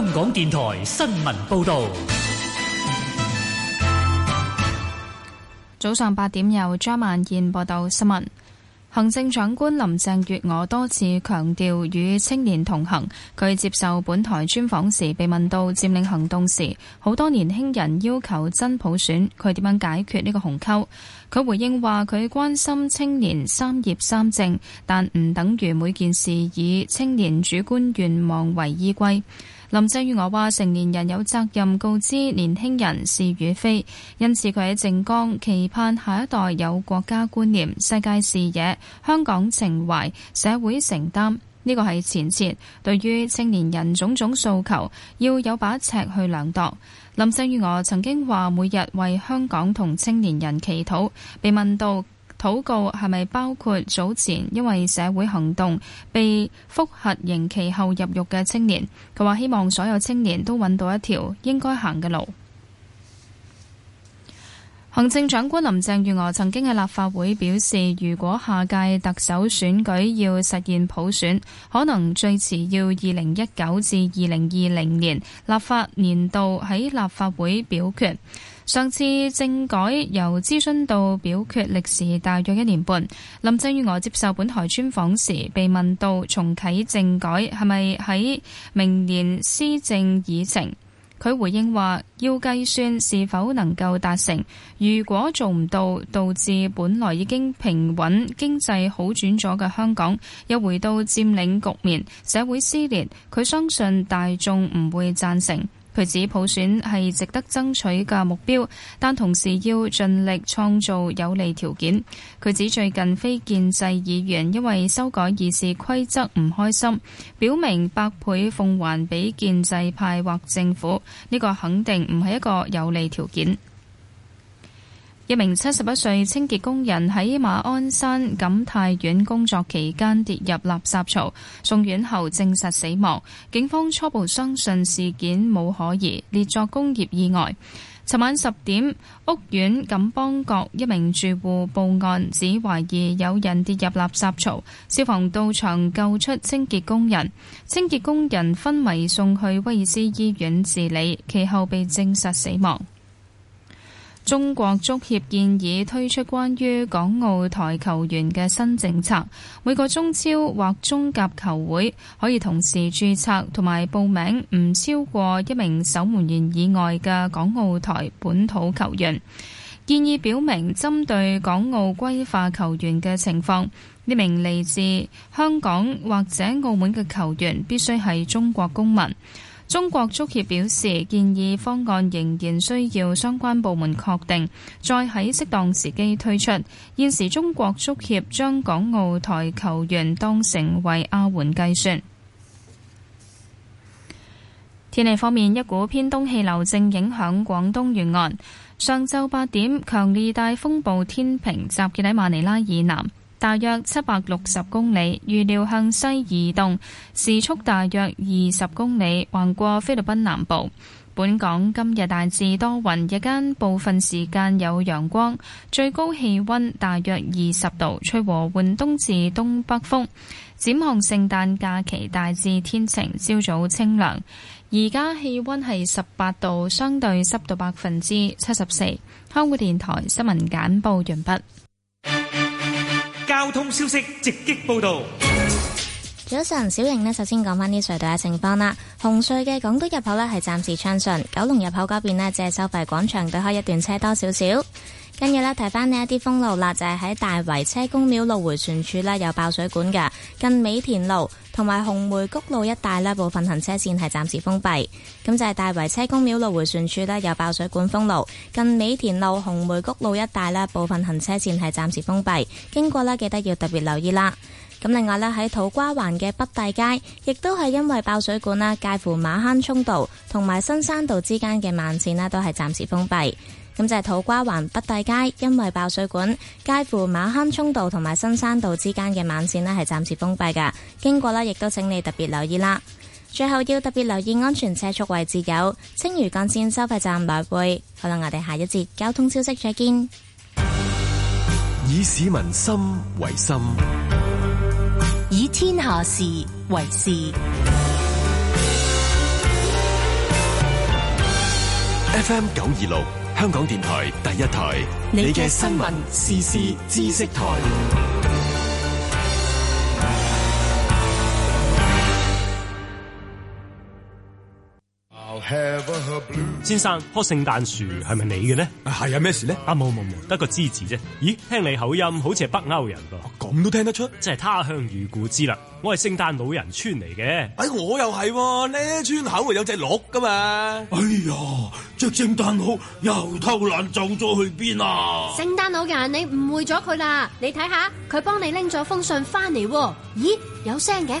香港電台新聞報道，早上八點由張萬燕報道新聞。行政長官林鄭月娥多次強調與青年同行。佢接受本台專訪時被問到佔領行動時，好多年輕人要求真普選，佢點樣解決呢個鴻溝？佢回應話：佢關心青年三業三政，但唔等於每件事以青年主觀願望為依歸。林鄭月娥話：成年人有責任告知年輕人是與非，因此佢喺政綱期盼下一代有國家觀念、世界視野、香港情懷、社會承擔。呢個係前設。對於青年人種種訴求，要有把尺去量度。林鄭月娥曾經話：每日為香港同青年人祈禱。被問到，禱告係咪包括早前因為社會行動被複核刑期後入獄嘅青年？佢話希望所有青年都揾到一條應該行嘅路。行政長官林鄭月娥曾經喺立法會表示，如果下屆特首選舉要實現普選，可能最遲要二零一九至二零二零年立法年度喺立法會表決。上次政改由諮詢到表決歷時大約一年半。林鄭月娥接受本台專訪時被問到重啟政改係咪喺明年施政議程？佢回應話要計算是否能夠達成。如果做唔到，導致本來已經平穩經濟好轉咗嘅香港又回到佔領局面、社會撕裂，佢相信大眾唔會贊成。佢指普選係值得爭取嘅目標，但同時要盡力創造有利條件。佢指最近非建制議員因為修改議事規則唔開心，表明百倍奉還俾建制派或政府，呢個肯定唔係一個有利條件。一名七十一歲清潔工人喺馬鞍山錦泰苑工作期間跌入垃圾槽，送院後證實死亡。警方初步相信事件冇可疑，列作工業意外。尋晚十點，屋苑錦邦閣一名住戶報案，指懷疑有人跌入垃圾槽，消防到場救出清潔工人，清潔工人昏迷送去威爾斯醫院治理，其後被證實死亡。中國足協建議推出關於港澳台球員嘅新政策，每個中超或中甲球會可以同時註冊同埋報名唔超過一名守門員以外嘅港澳台本土球員。建議表明針對港澳歸化球員嘅情況，呢名嚟自香港或者澳門嘅球員必須係中國公民。中國足協表示，建議方案仍然需要相關部門確定，再喺適當時機推出。現時中國足協將港澳台球員當成為亞援計算。天氣方面，一股偏東氣流正影響廣東沿岸。上晝八點，強烈熱帶風暴天平集結喺馬尼拉以南。大約七百六十公里，預料向西移動，時速大約二十公里，橫過菲律賓南部。本港今日大致多雲，日間部分時間有陽光，最高氣溫大約二十度，吹和緩東至東北風。展望聖誕假期大致天晴，朝早清涼。而家氣溫係十八度，相對濕度百分之七十四。香港電台新聞簡報完畢。交通消息直擊報道。早晨，小瑩咧，首先講翻啲隧道嘅情況啦。紅隧嘅港島入口咧係暫時暢順，九龍入口嗰邊咧即收費廣場對開一段車多少少。跟住咧，提翻呢一啲封路啦，就係、是、喺大圍車公廟路回旋處呢，有爆水管嘅，近美田路同埋紅梅谷路一帶呢部分行車線係暫時封閉。咁就係大圍車公廟路回旋處呢，有爆水管封路，近美田路紅梅谷路一帶呢部分行車線係暫時封閉。經過呢，記得要特別留意啦。咁另外呢，喺土瓜灣嘅北帝街，亦都係因為爆水管啦，介乎馬坑涌道同埋新山道之間嘅慢線啦都係暫時封閉。咁就係土瓜灣北帝街，因為爆水管，介乎馬坑涌道同埋新山道之間嘅晚線呢係暫時封閉嘅，經過呢，亦都請你特別留意啦。最後要特別留意安全車速位置，有青嶼幹線收費站來回。好啦，我哋下一節交通消息再見。以市民心為心，以天下事為事。FM 九二六。香港電台第一台，你嘅新聞時事知識台。先生，棵聖誕樹係咪你嘅咧？係啊，咩事咧？啊，冇冇冇，得、啊、個支持啫。咦，聽你口音好似係北歐人噃，咁都、啊、聽得出，真係他鄉遇故知啦。我係聖誕老人村嚟嘅，哎，我又係、啊，呢村口有隻鹿噶嘛。哎呀，隻聖誕鹿又偷懶走咗去邊啊？聖誕老人，你誤會咗佢啦。你睇下，佢幫你拎咗封信翻嚟、啊。咦，有聲嘅。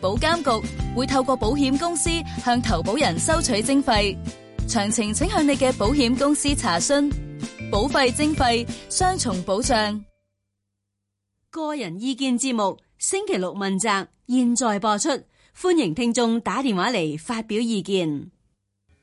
保監局會透過保險公司向投保人收取徵費，詳情請向你嘅保險公司查詢。保費徵費雙重保障，個人意見節目星期六問責，現在播出，歡迎聽眾打電話嚟發表意見。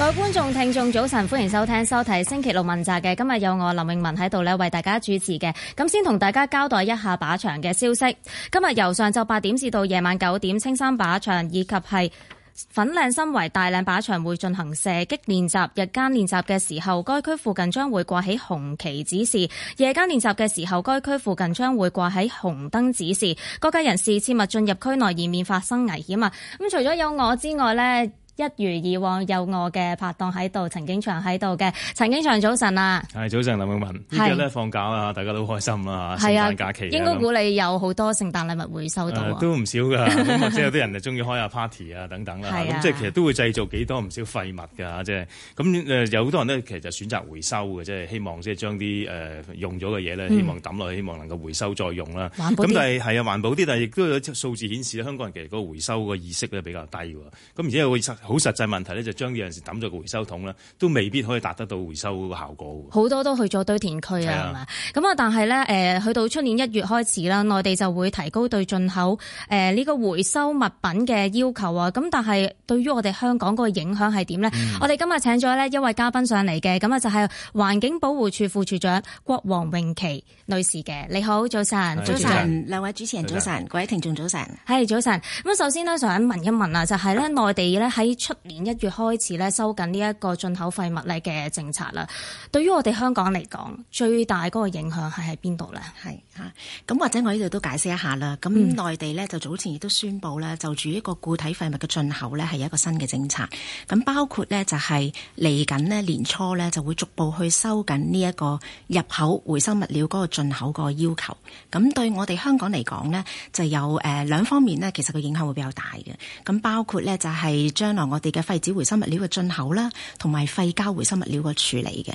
各位觀眾、聽眾，早晨，歡迎收聽、收睇《星期六問責的》嘅今日有我林永文喺度呢，為大家主持嘅。咁先同大家交代一下靶場嘅消息。今日由上晝八點至到夜晚九點，青山靶場以及係粉嶺新圍大嶺靶場會進行射擊練習。日間練習嘅時候，該區附近將會掛起紅旗指示；夜間練習嘅時候，該區附近將會掛起紅燈指示。各界人士切勿進入區內，以免發生危險啊！咁除咗有我之外呢。一如以往有我嘅拍檔喺度，陳景祥喺度嘅，陳景祥早晨啊，係早晨，林永文，係，而家放假啊，大家都好開心啦。聖誕、啊、假期、啊、應該估你有好多聖誕禮物回收到、啊啊，都唔少㗎，即係有啲人啊中意開下 party 啊等等啦，即係、啊、其實都會製造幾多唔少廢物㗎，即係咁誒有好多人呢，其實選擇回收嘅，即係希望即係將啲誒用咗嘅嘢呢，希望抌落，希望能夠回收再用啦，咁、嗯、但係係啊環保啲，但係亦都有數字顯示香港人其實個回收個意識咧比較低喎，咁而且我意好實際問題咧，就將呢樣嘢抌咗個回收桶啦，都未必可以達得到回收個效果。好多都去咗堆填區啊，係嘛的？咁啊，但係咧，去、呃、到出年一月開始啦，內地就會提高對進口呢、呃這個回收物品嘅要求啊。咁但係對於我哋香港個影響係點咧？嗯、我哋今日請咗呢一位嘉賓上嚟嘅，咁啊就係、是、環境保護署副署長郭黃穎琦女士嘅。你好，早晨，早晨上，兩位上主持人早晨，各位聽眾早晨，係早晨。咁首先呢，想問一問啊，就係咧，內地咧喺出年一月開始咧，收緊呢一個進口廢物嚟嘅政策啦。對於我哋香港嚟講，最大嗰個影響係喺邊度咧？咁或者我呢度都解釋一下啦。咁內地咧就早前亦都宣布啦、嗯、就住一個固體廢物嘅進口咧係一個新嘅政策。咁包括咧就係嚟緊呢年初咧就會逐步去收緊呢一個入口回收物料嗰個進口個要求。咁對我哋香港嚟講呢，就有誒、呃、兩方面呢，其實個影響會比較大嘅。咁包括呢，就係將來我哋嘅廢紙回收物料嘅進口啦，同埋廢膠回收物料嘅處理嘅。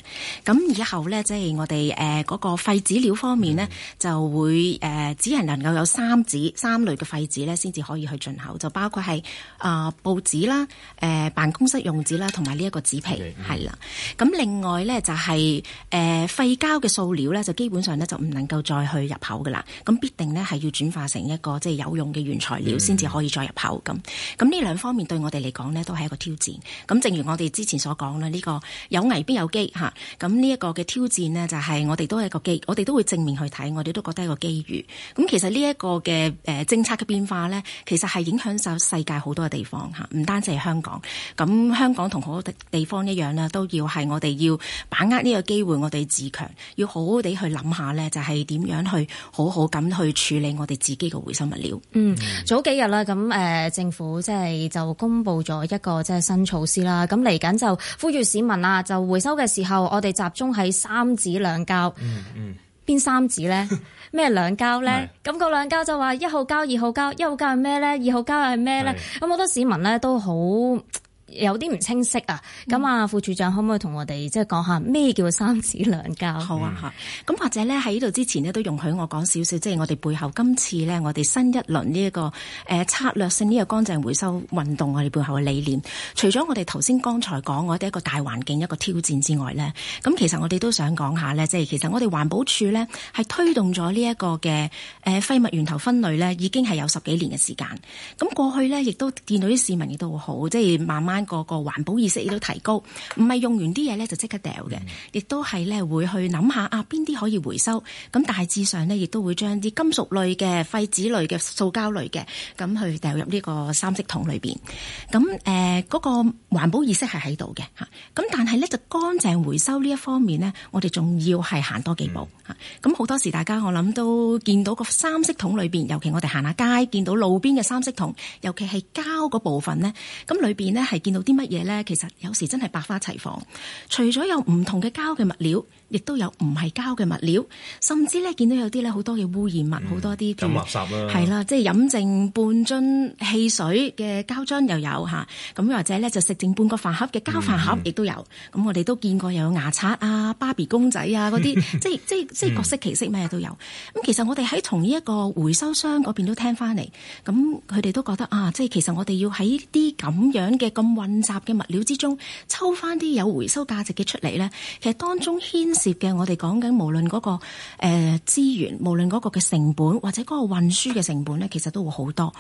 咁以後呢，即、就、係、是、我哋嗰、呃嗰個廢紙料方面呢。就、嗯就會誒，只、呃、係能夠有三紙三類嘅廢紙咧，先至可以去進口，就包括係啊、呃、報紙啦，誒、呃、辦公室用紙啦，同埋呢一個紙皮係啦。咁、okay. mm hmm. 嗯、另外咧就係、是、誒、呃、廢膠嘅塑料咧，就基本上咧就唔能夠再去入口㗎喇。咁必定咧係要轉化成一個即係、就是、有用嘅原材料，先至可以再入口咁。咁呢、mm hmm. 兩方面對我哋嚟講呢，都係一個挑戰。咁正如我哋之前所講啦，呢、這個有危必有機吓。咁呢一個嘅挑戰呢，就係我哋都係一個機，我哋都會正面去睇，我哋都覺得一個機遇，咁其實呢一個嘅誒政策嘅變化呢，其實係影響晒世界好多嘅地方吓，唔單止係香港。咁香港同好多地方一樣啦，都要係我哋要把握呢個機會，我哋自強，要好好地去諗下呢，就係點樣去好好咁去處理我哋自己嘅回收物料。嗯，嗯早幾日咧，咁誒、呃、政府即係就公布咗一個即係新措施啦。咁嚟緊就呼籲市民啊，就回收嘅時候，我哋集中喺三紙兩膠。嗯嗯。嗯邊三紙咧？咩兩膠咧？咁 是的 個兩膠就話一號膠、二號膠，一號膠係咩咧？二號膠係咩咧？咁好是的 多市民咧都好。有啲唔清晰啊！咁啊，副署長可唔可以同我哋即係講下咩叫三紙兩膠好啊！吓，咁或者咧喺呢度之前咧都容許我講少少，即係我哋背後今次咧我哋新一輪呢一個誒策略性呢個乾淨回收運動我哋背後嘅理念。除咗我哋頭先剛才講我哋一個大環境一個挑戰之外咧，咁其實我哋都想講下咧，即係其實我哋環保署咧係推動咗呢一個嘅誒廢物源頭分類咧，已經係有十幾年嘅時間。咁過去咧亦都見到啲市民亦都好，即係慢慢。個個環保意識亦都提高，唔係用完啲嘢咧，就即刻掉嘅，亦都係咧會去諗下啊邊啲可以回收，咁大致上咧亦都會將啲金屬類嘅廢紙類嘅塑膠類嘅咁去掉入呢個三色桶裏邊，咁誒嗰個環保意識係喺度嘅吓，咁但係咧就乾淨回收呢一方面咧，我哋仲要係行多幾步。咁好多時，大家我諗都見到個三色桶裏面，尤其我哋行下街見到路邊嘅三色桶，尤其係膠嗰部分呢。咁裏面呢係見到啲乜嘢呢？其實有時真係百花齊放，除咗有唔同嘅膠嘅物料，亦都有唔係膠嘅物料，甚至咧見到有啲咧好多嘅污染物，好、嗯、多啲咁垃圾啦，係啦、啊，即係飲剩半樽汽水嘅膠樽又有吓，咁、啊、或者咧就食剩半個飯盒嘅膠飯盒亦都有。咁、嗯嗯嗯、我哋都見過又有牙刷啊、芭比公仔啊嗰啲， 即係即係即係各式其式咩都有。咁、嗯嗯、其實我哋喺同呢一個回收箱嗰邊都聽翻嚟，咁佢哋都覺得啊，即係其實我哋要喺啲咁樣嘅咁混雜嘅物料之中，抽翻啲有回收價值嘅出嚟咧。其實當中牽涉嘅我哋講緊，無論嗰個誒資源，無論嗰個嘅成本，或者嗰個運輸嘅成本咧，其實都會好多。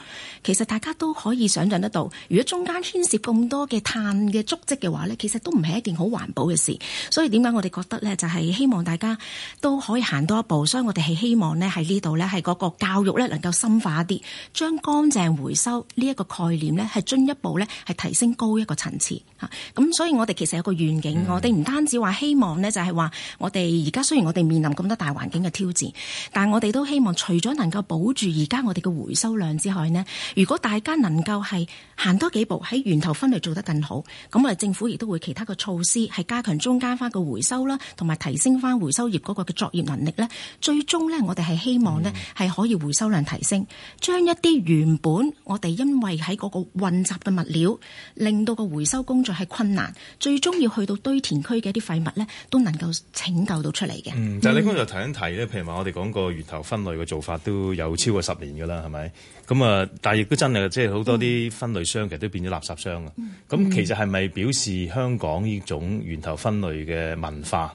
其實大家都可以想象得到，如果中間牽涉咁多嘅碳嘅足跡嘅話咧，其實都唔係一件好環保嘅事。所以點解我哋覺得咧，就係希望大家都可以行多一步。所以我哋係希望咧喺呢度咧，係嗰個教育咧能夠深化一啲，將乾淨回收呢一個概念咧係進一步咧係提升高一個層次吓。咁所以我哋其實有個願景，我哋唔單止話希望咧就係話。我哋而家雖然我哋面臨咁多大環境嘅挑戰，但我哋都希望除咗能夠保住而家我哋嘅回收量之外呢，如果大家能夠係行多幾步，喺源頭分類做得更好，咁我哋政府亦都會其他嘅措施係加強中間翻個回收啦，同埋提升翻回收業嗰個嘅作業能力咧。最終咧，我哋係希望咧係可以回收量提升，將一啲原本我哋因為喺嗰個混雜嘅物料令到個回收工作係困難，最終要去到堆填區嘅一啲廢物咧，都能夠。拯救到出嚟嘅。嗯，就是、你剛才提一提咧，譬、嗯、如話我哋講個源頭分類嘅做法都有超過十年噶啦，係咪？咁啊，但係亦都真係，即係好多啲分類商其實都變咗垃圾商啊。咁、嗯、其實係咪表示香港呢種源頭分類嘅文化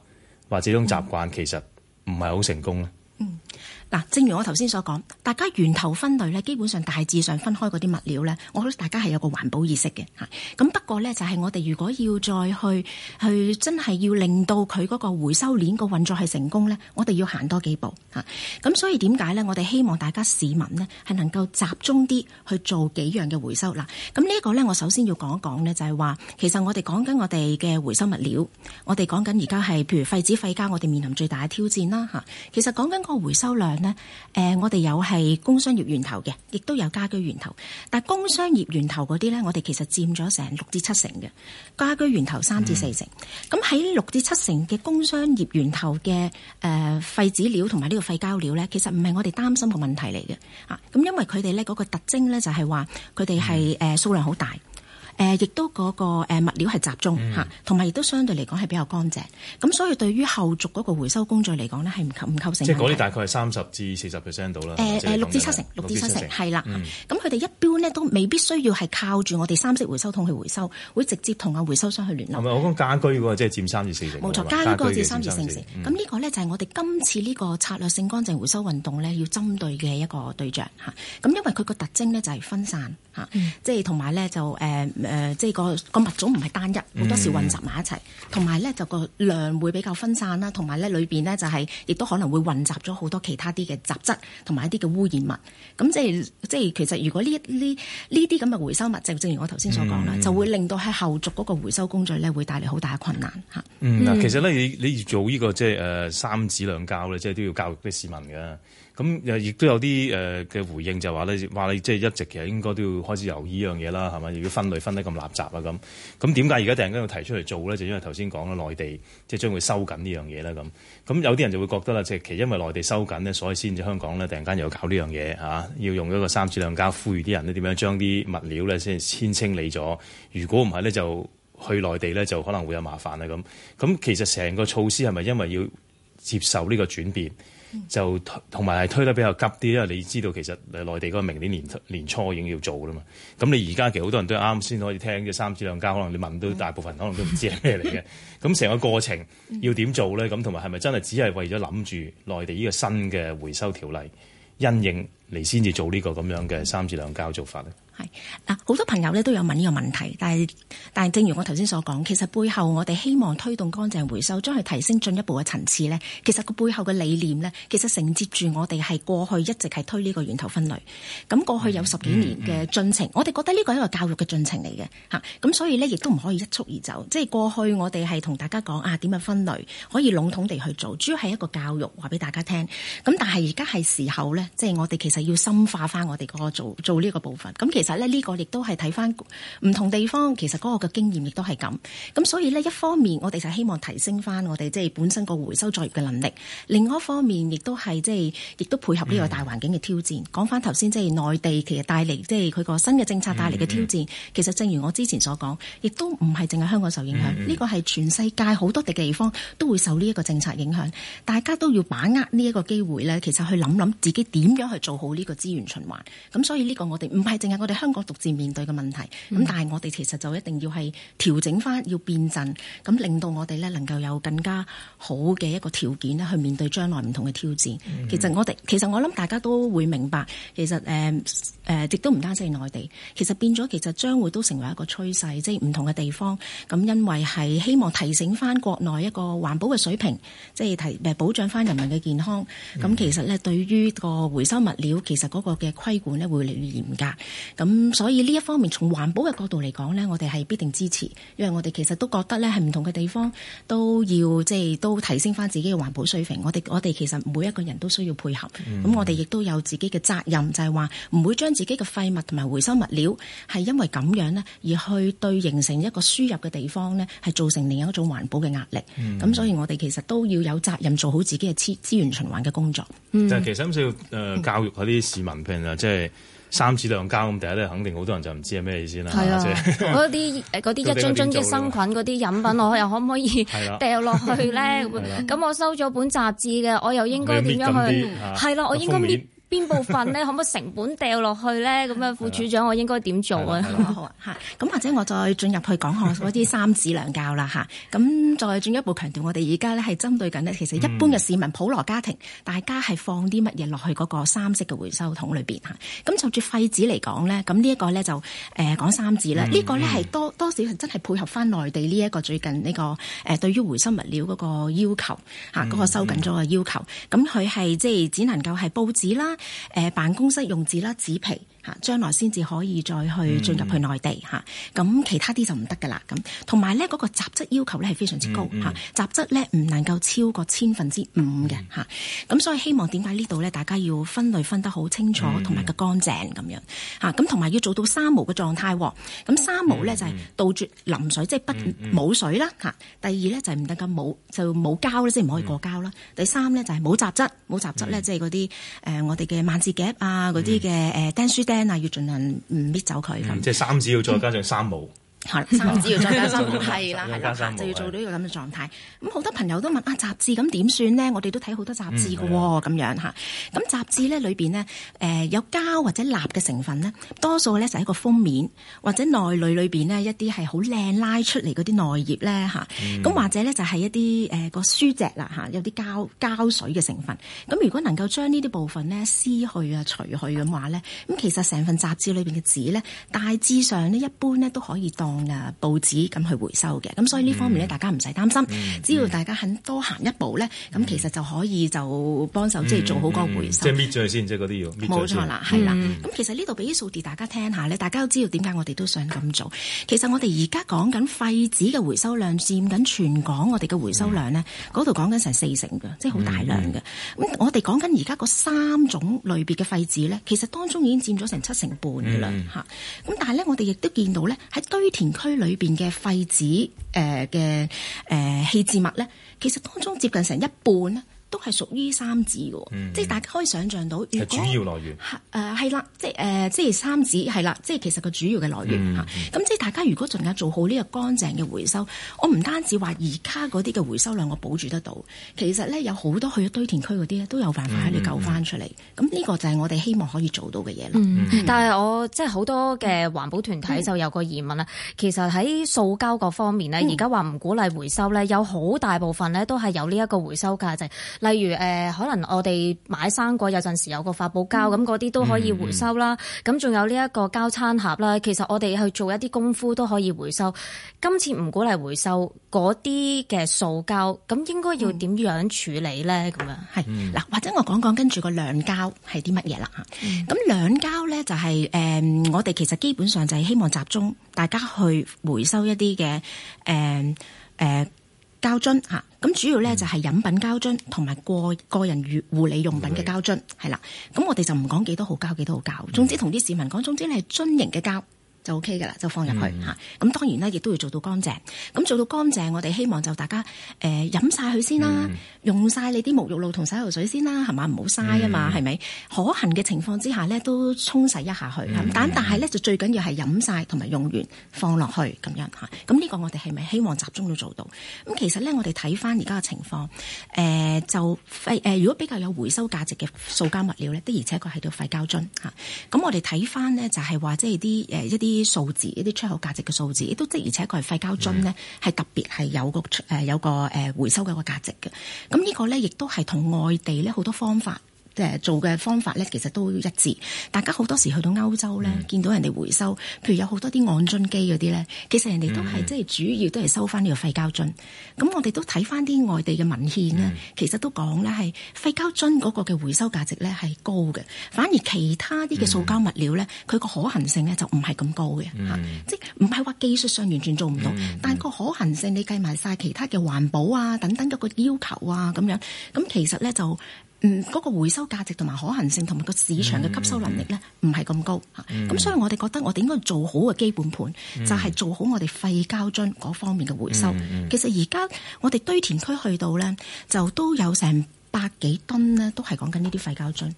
或者種習慣，其實唔係好成功咧？嗯。嗱，正如我頭先所講，大家源頭分類咧，基本上大致上分開嗰啲物料咧，我覺得大家係有個環保意識嘅嚇。咁不過咧，就係我哋如果要再去去真係要令到佢嗰個回收鏈個運作係成功咧，我哋要行多幾步嚇。咁所以點解咧？我哋希望大家市民呢係能夠集中啲去做幾樣嘅回收。嗱，咁呢一個咧，我首先要講一講咧，就係話其實我哋講緊我哋嘅回收物料，我哋講緊而家係譬如廢紙、廢膠，我哋面臨最大嘅挑戰啦嚇。其實講緊個回收量。呢，誒、呃，我哋有係工商業源頭嘅，亦都有家居源頭。但工商業源頭嗰啲呢，我哋其實佔咗成六至七成嘅，家居源頭三至四成。咁喺、嗯、六至七成嘅工商業源頭嘅誒、呃、廢紙料同埋呢個廢膠料呢，其實唔係我哋擔心嘅問題嚟嘅啊。咁因為佢哋呢嗰個特徵呢，就係話佢哋係誒數量好大。誒，亦、呃、都嗰個物料係集中吓，同埋亦都相對嚟講係比較乾淨，咁所以對於後續嗰個回收工序嚟講呢，係唔唔構成。即係嗰啲大概係三十至四十 percent 到啦。誒、呃嗯、六至七成，六至七成，係啦成。咁佢哋一標呢都未必需要係靠住我哋三色回收桶去回收，會直接同阿回收商去聯絡。係咪我講家居嗰個即係佔三至四成？冇錯，家居嗰個佔三至四成。咁呢、嗯、個呢，就係、是、我哋今次呢個策略性乾淨回收運動呢要針對嘅一個對象嚇。咁因為佢個特徵呢就係分散。即係同埋咧就即係、呃就是、個個物種唔係單一，好多時混雜埋一齊，同埋咧就個量會比較分散啦，同埋咧裏面呢，面就係、是，亦都可能會混雜咗好多其他啲嘅雜質，同埋一啲嘅污染物。咁即係即係其實，如果呢一呢呢啲咁嘅回收物質，正如我頭先所講啦，嗯、就會令到喺後續嗰個回收工序咧，會帶嚟好大嘅困難嗱、嗯，其實咧，你你要做呢、這個即係、呃、三紙兩膠咧，即係都要教育啲市民嘅。咁誒亦都有啲誒嘅回應就話咧，話你即係一直其實應該都要開始由依樣嘢啦，係咪？如果分類分得咁垃圾啊咁，咁點解而家突然間要提出嚟做咧？就因為頭先講啦，內地即係將會收緊呢樣嘢啦咁。咁有啲人就會覺得啦，即係其實因為內地收緊咧，所以先至香港咧突然間又搞呢樣嘢嚇，要用一個三紙兩膠呼籲啲人咧點樣將啲物料咧先先清理咗。如果唔係咧，就去內地咧就可能會有麻煩啊咁。咁其實成個措施係咪因為要接受呢個轉變？就同埋係推得比較急啲，因為你知道其實內地嗰個明年年初年初已經要做啦嘛。咁你而家其實好多人都啱先可以聽嘅「三紙兩膠」，可能你問到大部分 可能都唔知係咩嚟嘅。咁成個過程要點做咧？咁同埋係咪真係只係為咗諗住內地呢個新嘅回收條例因應嚟先至做呢個咁樣嘅三紙兩膠做法咧？嗱，好多朋友咧都有問呢個問題，但係但係正如我頭先所講，其實背後我哋希望推動乾淨回收，將係提升進一步嘅層次呢。其實個背後嘅理念呢，其實承接住我哋係過去一直係推呢個源頭分類，咁過去有十幾年嘅進程，yeah, yeah, yeah. 我哋覺得呢個係一個教育嘅進程嚟嘅嚇，咁所以呢，亦都唔可以一蹴而就，即係過去我哋係同大家講啊點樣分類，可以籠統地去做，主要係一個教育話俾大家聽。咁但係而家係時候呢，即係我哋其實要深化翻我哋個做做呢個部分。咁其實呢個亦都係睇翻唔同地方，其實嗰個嘅經驗亦都係咁。咁所以呢，一方面我哋就希望提升翻我哋即係本身個回收作業嘅能力，另外一方面亦都係即係亦都配合呢個大環境嘅挑戰。講翻頭先，即係內地其實帶嚟，即係佢個新嘅政策帶嚟嘅挑戰。的其實正如我之前所講，亦都唔係淨係香港受影響，呢的個係全世界好多地方都會受呢一個政策影響。大家都要把握呢一個機會呢，其實去諗諗自己點樣去做好呢個資源循環。咁所以呢個我哋唔係淨係我哋。香港獨自面對嘅問題，咁但係我哋其實就一定要係調整翻，要變陣，咁令到我哋呢能夠有更加好嘅一個條件咧去面對將來唔同嘅挑戰。mm hmm. 其。其實我哋，其實我諗大家都會明白，其實誒誒，亦都唔單止係內地，其實變咗其實將會都成為一個趨勢，即係唔同嘅地方，咁因為係希望提醒翻國內一個環保嘅水平，即、就、係、是、提誒保障翻人民嘅健康。咁、mm hmm. 其實呢，對於個回收物料，其實嗰個嘅規管咧會越嚟越嚴格。咁所以呢一方面，從環保嘅角度嚟講咧，我哋係必定支持，因為我哋其實都覺得咧，係唔同嘅地方都要即係都提升翻自己嘅環保水平。我哋我哋其實每一個人都需要配合，咁、嗯、我哋亦都有自己嘅責任，就係話唔會將自己嘅廢物同埋回收物料係因為咁樣咧而去對形成一個輸入嘅地方咧係造成另一種環保嘅壓力。咁、嗯、所以我哋其實都要有責任做好自己嘅資源循環嘅工作。但、嗯、其實，咁要教育嗰啲市民譬如即係。就是三紙兩膠咁，第一咧肯定好多人就唔知係咩意思啦。係啊，啲誒啲一樽樽益生菌嗰啲飲品，我又可唔可以掉落去咧？咁是、啊、 我收咗本雜誌嘅，我又應該點樣去？係啦、啊 啊，我應該搣。邊部分呢？可唔可成本掉落去呢？咁啊，副署長，我應該點做啊？咁或者我再進入去講下嗰啲三紙兩膠啦，咁再進一步強調，我哋而家咧係針對緊呢，其實一般嘅市民普羅家庭，大家係放啲乜嘢落去嗰個三色嘅回收桶裏面。咁就住廢紙嚟講呢，咁呢一個呢，就講三紙啦。呢個呢係多多少係真係配合翻內地呢一個最近呢個對於回收物料嗰個要求嗰個收緊咗個要求。咁佢係即係只能夠係報紙啦。辦公室用紙啦，紙皮。將來先至可以再去進入去內地咁、嗯啊、其他啲就唔得噶啦。咁同埋咧嗰個雜質要求咧係非常之高嚇、嗯嗯啊，雜質咧唔能夠超過千分之五嘅咁、嗯啊、所以希望點解呢度咧大家要分類分得好清楚，同埋、嗯、個乾淨咁樣咁同埋要做到三無嘅狀態喎。咁、啊、三無咧、嗯嗯、就係杜絕淋水，即、就、係、是、不冇、嗯嗯、水啦、啊、第二咧就係唔得咁冇就冇膠啦即係唔可以過膠啦。嗯、第三咧就係、是、冇雜質，冇雜質咧即係嗰啲誒我哋嘅萬字夾啊，嗰啲嘅掟啊！要盡量唔搣走佢咁、嗯，即係三紙要再加上三毛。嗯係，三毫紙要再加三毫，係啦， 係啦了，就要做到呢個咁嘅狀態。咁好多朋友都問啊，雜誌咁點算呢？我哋都睇好多雜誌嘅喎，咁、嗯、樣吓，咁雜誌咧裏邊呢，誒、呃、有膠或者蠟嘅成分呢，多數咧就係一個封面或者內裏裏邊呢一啲係好靚拉出嚟嗰啲內頁咧吓，咁、啊嗯、或者咧就係一啲誒個書籍啦嚇、啊，有啲膠膠水嘅成分。咁如果能夠將呢啲部分呢撕去啊、除去咁話咧，咁其實成份雜誌裏邊嘅紙咧，大致上呢一般咧都可以當。啊！報紙咁去回收嘅，咁所以呢方面咧，大家唔使擔心。嗯、只要大家肯多行一步呢，咁、嗯、其實就可以就幫手，即係、嗯、做好個回收。即係搣咗佢先，即係嗰啲要搣。冇錯啦，係、嗯、啦。咁、嗯、其實呢度俾啲數字大家聽下咧，大家都知道點解我哋都想咁做。其實我哋而家講緊廢紙嘅回收量佔緊全港我哋嘅回收量呢，嗰度講緊成四成嘅，即係好大量嘅。咁、嗯、我哋講緊而家嗰三種類別嘅廢紙呢，其實當中已經佔咗成七成半嘅啦，嚇、嗯。咁但係呢，我哋亦都見到呢。喺堆填區裏邊嘅廢紙誒嘅誒棄置物咧，其實當中接近成一半咧。都係屬於三紙嘅。嗯、即係大家可以想象到，係主要來源。誒、係、呃、啦，即係誒、呃、即係三紙係啦，即係其實個主要嘅來源嚇。咁、嗯啊、即係大家如果盡量做好呢個乾淨嘅回收，我唔單止話而家嗰啲嘅回收量我保住得到，其實咧有好多去咗堆填區嗰啲咧都有辦法喺度救翻出嚟。咁呢、嗯、個就係我哋希望可以做到嘅嘢咯。嗯嗯、但係我即係好多嘅環保團體就有個疑問啦，嗯、其實喺塑膠各方面咧，而家話唔鼓勵回收咧，有好大部分咧都係有呢一個回收價值。例如誒、呃，可能我哋買生果有陣時有個發泡膠，咁嗰啲都可以回收啦。咁仲、嗯、有呢一個膠餐盒啦。其實我哋去做一啲功夫都可以回收。今次唔鼓勵回收嗰啲嘅塑膠，咁應該要點樣處理呢？咁、嗯、樣係嗱，或者我講講跟住個兩膠係啲乜嘢啦嚇。咁兩、嗯、膠呢、就係，就係誒，我哋其實基本上就係希望集中大家去回收一啲嘅誒膠樽，咁主要咧就係飲品膠樽同埋個個人與護理用品嘅膠樽係啦，咁的我哋就唔講幾多號膠幾多號膠，總之同啲市民講，總之你係樽型嘅膠。就 OK 嘅啦，就放入去吓，咁、嗯啊、當然啦亦都要做到乾淨。咁做到乾淨，我哋希望就大家誒飲晒佢先啦，嗯、用晒你啲沐浴露同洗頭水先啦，係嘛？唔好嘥啊嘛，係咪？可行嘅情況之下咧，都沖洗一下佢。嗯、吧但但係咧，就最緊要係飲晒同埋用完放落去咁樣吓，咁、啊、呢個我哋係咪希望集中都做到？咁、啊、其實咧，我哋睇翻而家嘅情況誒、呃、就廢誒、呃呃、如果比較有回收價值嘅塑膠物料咧，的而且確係到廢膠樽吓，咁、啊、我哋睇翻咧，就係話即係啲誒一啲。呃啲數字，一啲出口價值嘅數字，亦都即而且佢係廢膠樽咧，係特別係有個誒，有個誒回收嘅一個價值嘅。咁呢個咧，亦都係同外地咧好多方法。誒做嘅方法咧，其實都一致。大家好多時去到歐洲咧，嗯、見到人哋回收，譬如有好多啲按樽機嗰啲咧，其實人哋都係即係主要都係收翻呢個廢膠樽。咁我哋都睇翻啲外地嘅文獻咧，嗯、其實都講咧係廢膠樽嗰個嘅回收價值咧係高嘅，反而其他啲嘅塑膠物料咧，佢個、嗯、可行性咧就唔係咁高嘅。嗯、即係唔係話技術上完全做唔到，嗯嗯、但係個可行性你計埋晒其他嘅環保啊等等嗰個要求啊咁樣，咁其實咧就。嗯，嗰、那個回收價值同埋可行性同埋個市場嘅吸收能力咧，唔係咁高嚇。咁所以我哋覺得我哋應該做好嘅基本盤，就係做好我哋廢膠樽嗰方面嘅回收。嗯嗯嗯、其實而家我哋堆填區去到咧，就都有成百幾噸咧，都係講緊呢啲廢膠樽。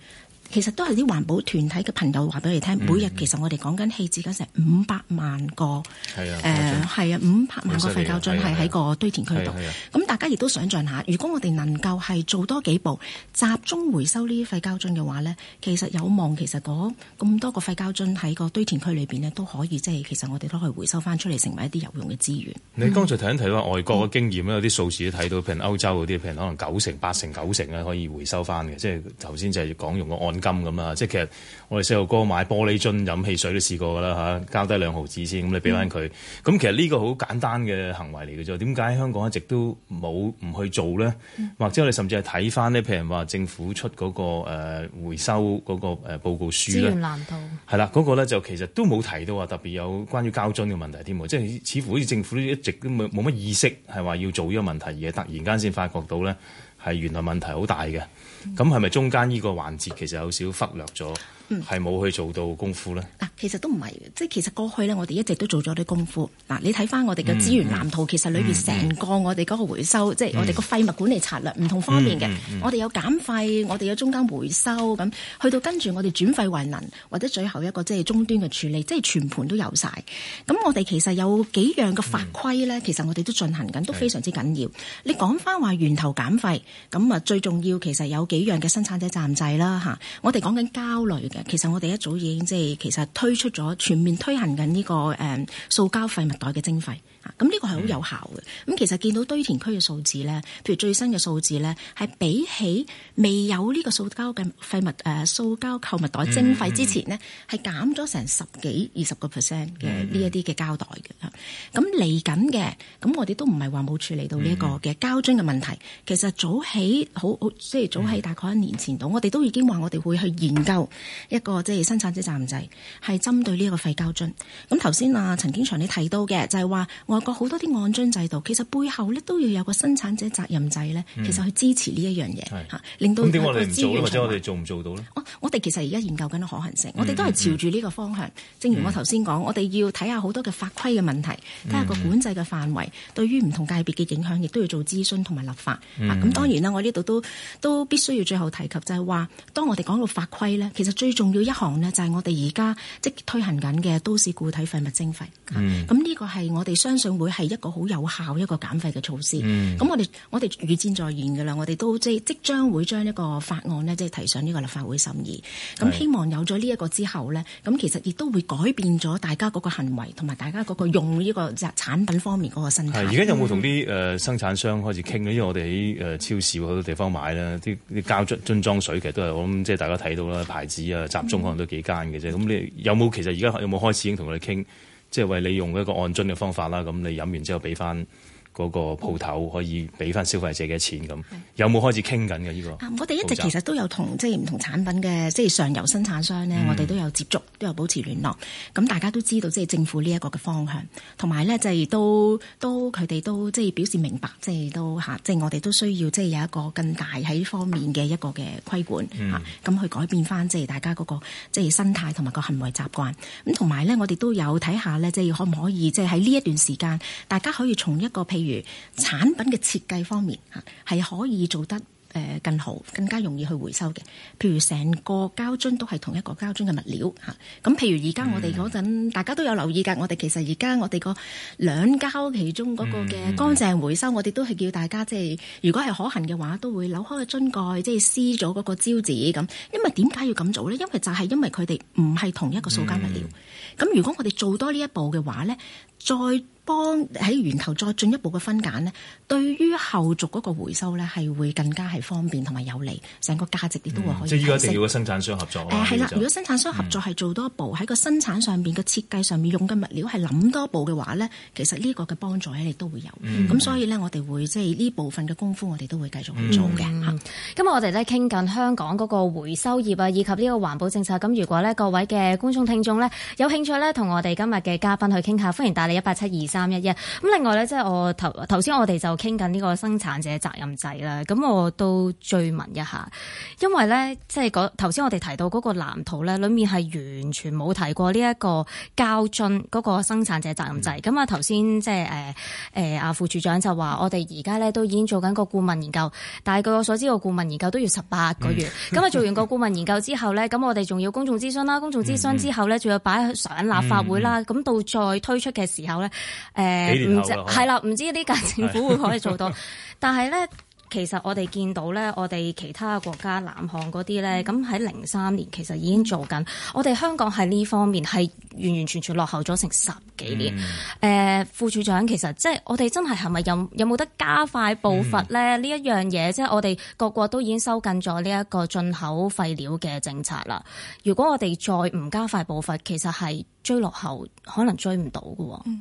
其實都係啲環保團體嘅朋友話俾你哋聽，嗯、每日其實我哋講緊棄置緊成五百萬個，誒，係啊，五百萬個廢膠樽係喺個堆填區度。咁、啊啊啊、大家亦都想象一下，如果我哋能夠係做多幾步集中回收呢啲廢膠樽嘅話呢，其實有望，其實嗰咁多個廢膠樽喺個堆填區裏邊呢，都可以即係、就是、其實我哋都可以回收翻出嚟成為一啲有用嘅資源。你剛才提一提話外國嘅經驗、嗯、有啲數字睇到，譬如歐洲嗰啲，譬如可能九成、八成、九成咧可以回收翻嘅，即係頭先就係講用個按。金咁啊！即係其實我哋細路哥買玻璃樽飲汽水都試過㗎啦嚇，交低兩毫子先，咁你俾翻佢。咁、嗯、其實呢個好簡單嘅行為嚟嘅啫。點解香港一直都冇唔去做咧？嗯、或者我哋甚至係睇翻咧，譬如話政府出嗰、那個、呃、回收嗰個誒報告書，資係啦，嗰、那個咧就其實都冇提到話特別有關於膠樽嘅問題添喎。即係似乎好似政府一直都冇冇乜意識係話要做呢個問題，而係突然間先發覺到咧，係原來問題好大嘅。咁係咪中間呢個環節其實有少忽略咗，係冇、嗯、去做到功夫呢？嗱、啊，其實都唔係，即係其實過去呢，我哋一直都做咗啲功夫。嗱、啊，你睇翻我哋嘅資源藍圖，嗯嗯、其實裏面成個我哋嗰個回收，即係、嗯、我哋個廢物管理策略唔、嗯、同方面嘅、嗯嗯，我哋有減廢，我哋有中間回收，咁去到跟住我哋轉廢為能，或者最後一個即係終端嘅處理，即、就、係、是、全盤都有晒。咁我哋其實有幾樣嘅法規呢？嗯、其實我哋都進行緊，都非常之緊要。的你講翻話源頭減廢，咁啊最重要其實有。幾樣嘅生產者暫制啦嚇，我哋講緊膠類嘅，其實我哋一早已經即係其實推出咗全面推行緊呢個誒塑膠廢物袋嘅徵費。咁呢個係好有效嘅。咁其實見到堆填區嘅數字咧，譬如最新嘅數字咧，係比起未有呢個塑膠嘅廢物誒塑膠購物袋徵費之前呢，係減咗成十幾二十個 percent 嘅呢一啲嘅膠袋嘅。咁嚟緊嘅，咁、嗯、我哋都唔係話冇處理到呢一個嘅膠樽嘅問題。嗯嗯、其實早起好好，即係早起大概一年前度，我哋都已經話我哋會去研究一個即係、就是、生產者責任制，係針對呢一個廢膠樽。咁頭先啊陳經長你提到嘅就係、是、話。外國好多啲按樽制度，其實背後咧都要有個生產者責任制咧，其實去支持呢一樣嘢，令到一個資源。咁點解我哋唔做或者我哋做唔做到咧？我我哋其實而家研究緊可行性，我哋都係朝住呢個方向。正如我頭先講，我哋要睇下好多嘅法規嘅問題，睇下個管制嘅範圍對於唔同界別嘅影響，亦都要做諮詢同埋立法。咁當然啦，我呢度都都必須要最後提及就係話，當我哋講到法規咧，其實最重要一行呢，就係我哋而家即推行緊嘅都市固體廢物徵費。咁呢個係我哋相。仲會係一個好有效一個減費嘅措施，咁、嗯、我哋我哋預先在言噶啦，我哋都即即將會將呢個法案呢，即、就、係、是、提上呢個立法會審議。咁希望有咗呢一個之後呢，咁是其實亦都會改變咗大家嗰個行為同埋大家嗰個用呢個產品方面嗰個心態。而家有冇同啲誒生產商開始傾呢？因為我哋喺誒超市好多地方買咧，啲啲膠樽樽裝水其實都係我諗即係大家睇到啦，牌子啊，集中可能都幾間嘅啫。咁、嗯、你有冇其實而家有冇開始已經同佢哋傾？即係為你用一個按樽嘅方法啦，咁你飲完之後畀返。嗰個鋪頭可以俾翻消費者嘅錢咁，嗯、有冇開始傾緊嘅呢、個？我哋一直其實都有同即係唔同產品嘅即係上游生產商呢，嗯、我哋都有接觸，都有保持聯絡。咁大家都知道即係政府呢一個嘅方向，同埋呢，即係都都佢哋都即係表示明白，即係都吓，即係我哋都需要即係有一個更大喺方面嘅一個嘅規管吓，咁、嗯、去改變翻即係大家嗰個即係生態同埋個行為習慣。咁同埋呢，我哋都有睇下呢，即係可唔可以即係喺呢一段時間，大家可以從一個譬譬如產品嘅設計方面嚇，係可以做得誒更好，更加容易去回收嘅。譬如成個膠樽都係同一個膠樽嘅物料嚇。咁譬如而家我哋嗰陣，mm. 大家都有留意㗎。我哋其實而家我哋個兩膠其中嗰個嘅乾淨回收，mm. 我哋都係叫大家即係，如果係可行嘅話，都會扭開個樽蓋，即係撕咗嗰個膠紙咁。因為點解要咁做咧？因為就係因為佢哋唔係同一個塑膠物料。咁、mm. 如果我哋做多呢一步嘅話咧，再，幫喺源頭再進一步嘅分揀呢，對於後續嗰個回收呢，係會更加係方便同埋有利，成個價值亦都會可以、嗯、即係依家一定要個生產商合作、啊。係啦、嗯，如果生產商合作係做多一步喺個、嗯、生產上面嘅設計上面用嘅物料係諗多一步嘅話呢，其實呢個嘅幫助喺你都會有。咁、嗯、所以呢，我哋會即係呢部分嘅功夫，我哋都會繼續去做嘅。咁、嗯、今日我哋咧傾緊香港嗰個回收業啊，以及呢個環保政策。咁如果呢各位嘅觀眾聽眾呢，有興趣呢，同我哋今日嘅嘉賓去傾下，歡迎打嚟。一八七二。三一一。咁，另外咧，即係我頭頭先，我哋就傾緊呢個生產者責任制啦。咁我都追問一下，因為咧，即係個頭先我哋提到嗰個藍圖咧，裏面係完全冇提過呢一個膠樽嗰個生產者責任制。咁啊、嗯，頭先即係誒誒，副署長就話，我哋而家咧都已經做緊個顧問研究，但係據我所知個顧問研究都要十八個月。咁啊、嗯、 做完個顧問研究之後咧，咁我哋仲要公眾諮詢啦，公眾諮詢之後咧，仲要擺上立法會啦。咁、嗯、到再推出嘅時候咧。誒，唔係啦，唔知呢屆能了政府會可以做到。是的 但係咧， 其實我哋見到咧，我哋其他國家南韓嗰啲咧，咁喺零三年其實已經做緊。我哋香港喺呢方面係完完全全落後咗成十幾年。誒、嗯呃，副署長，其實即係我哋真係係咪有有冇得加快步伐咧？呢一、嗯、樣嘢，即、就、係、是、我哋各國都已經收緊咗呢一個進口廢料嘅政策啦。如果我哋再唔加快步伐，其實係追落後，可能追唔到噶。嗯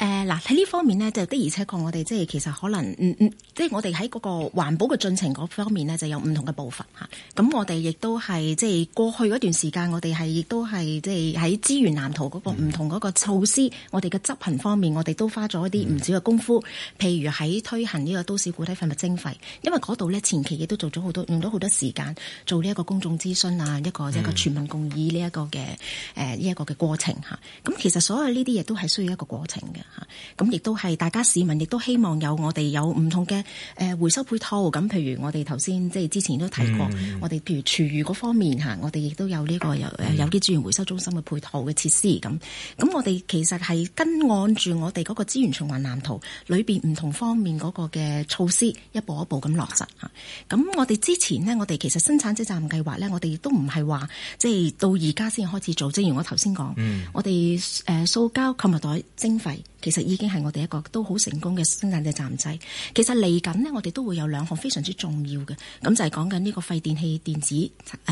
誒嗱喺呢方面呢，就的而且確，我哋即係其實可能，嗯嗯，即係我哋喺嗰個環保嘅進程嗰方面呢，就有唔同嘅步伐嚇。咁、啊、我哋亦都係即係過去嗰段時間，我哋係亦都係即係喺資源藍圖嗰個唔同嗰個措施，嗯、我哋嘅執行方面，我哋都花咗一啲唔少嘅功夫。嗯、譬如喺推行呢個都市固體廢物徵費，因為嗰度呢，前期亦都做咗好多，用咗好多時間做呢一個公眾諮詢啊，一個、嗯、一個全民共議呢一個嘅誒呢一個嘅過程嚇。咁、啊、其實所有呢啲嘢都係需要一個過程嘅。咁亦都係大家市民亦都希望有我哋有唔同嘅，誒回收配套。咁譬如我哋頭先即係之前都提過，mm hmm. 我哋譬如廚餘嗰方面吓，我哋亦都有呢個有有啲有機資源回收中心嘅配套嘅設、mm hmm. 施咁。咁我哋其實係跟按住我哋嗰個資源循環藍圖裏邊唔同方面嗰個嘅措施，一步一步咁落實。咁我哋之前呢，我哋其實生產者責任計劃咧，我哋亦都唔係話即係到而家先開始做。正如我頭先講，mm hmm. 我哋誒塑膠購物袋徵費。徵費其實已經係我哋一個都好成功嘅生產者站制。其實嚟緊呢，我哋都會有兩項非常之重要嘅，咁就係講緊呢個廢電器電子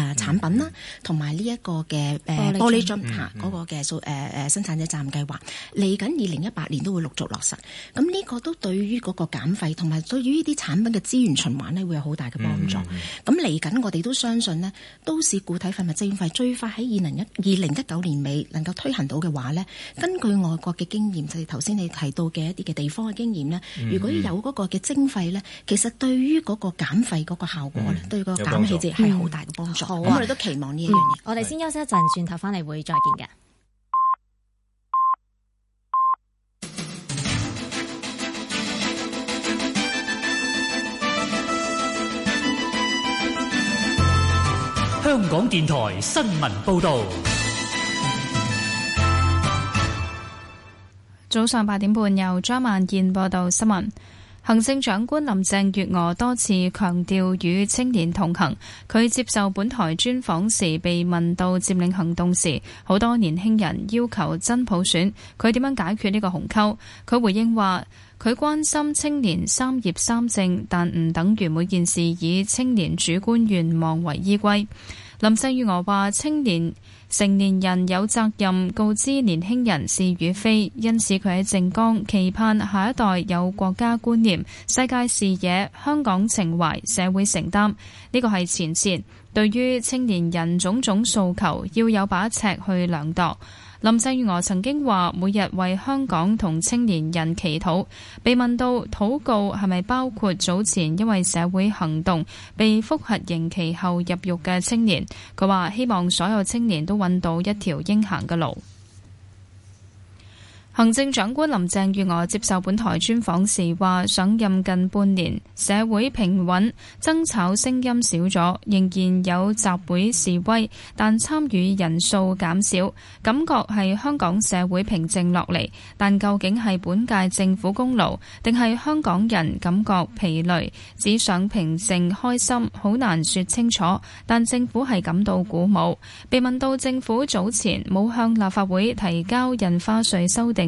誒產品啦，同埋呢一個嘅誒玻璃樽嚇嗰個嘅數誒誒生產者站計劃，嚟緊二零一八年都會陸續落實。咁呢個都對於嗰個減廢同埋對於呢啲產品嘅資源循環咧，會有好大嘅幫助。咁嚟緊我哋都相信呢，都市固體廢物徵費最快喺二零一二零一九年尾能夠推行到嘅話呢，根據外國嘅經驗，就係頭先你提到嘅一啲嘅地方嘅經驗咧，如果有嗰個嘅徵費咧，其實對於嗰個減費嗰個效果咧，對個減氣節係好大嘅幫助。咁我哋都期望呢一樣嘢。我哋先休息一陣，轉頭翻嚟會再見嘅。香港電台新聞報導。早上八點半，由張曼燕報道新聞。行政長官林鄭月娥多次強調與青年同行。佢接受本台專訪時，被問到佔領行動時，好多年輕人要求真普選，佢點樣解決呢個鴻溝？佢回應話：佢關心青年三業三政，但唔等於每件事以青年主觀願望為依歸。林鄭月娥話：青年。成年人有責任告知年輕人是與非，因此佢喺政綱期盼下一代有國家觀念、世界視野、香港情懷、社會承擔。呢個係前瞻。對於青年人種種訴求，要有把尺去量度。林鄭月娥曾經話每日為香港同青年人祈禱，被問到禱告係咪包括早前因為社會行動被覆核刑期後入獄嘅青年，佢話希望所有青年都揾到一條應行嘅路。行政長官林鄭月娥接受本台專訪時話：上任近半年，社會平穩，爭吵聲音少咗，仍然有集會示威，但參與人數減少，感覺係香港社會平靜落嚟。但究竟係本屆政府功勞，定係香港人感覺疲累，只想平靜開心，好難說清楚。但政府係感到鼓舞。被問到政府早前冇向立法會提交印花稅修訂，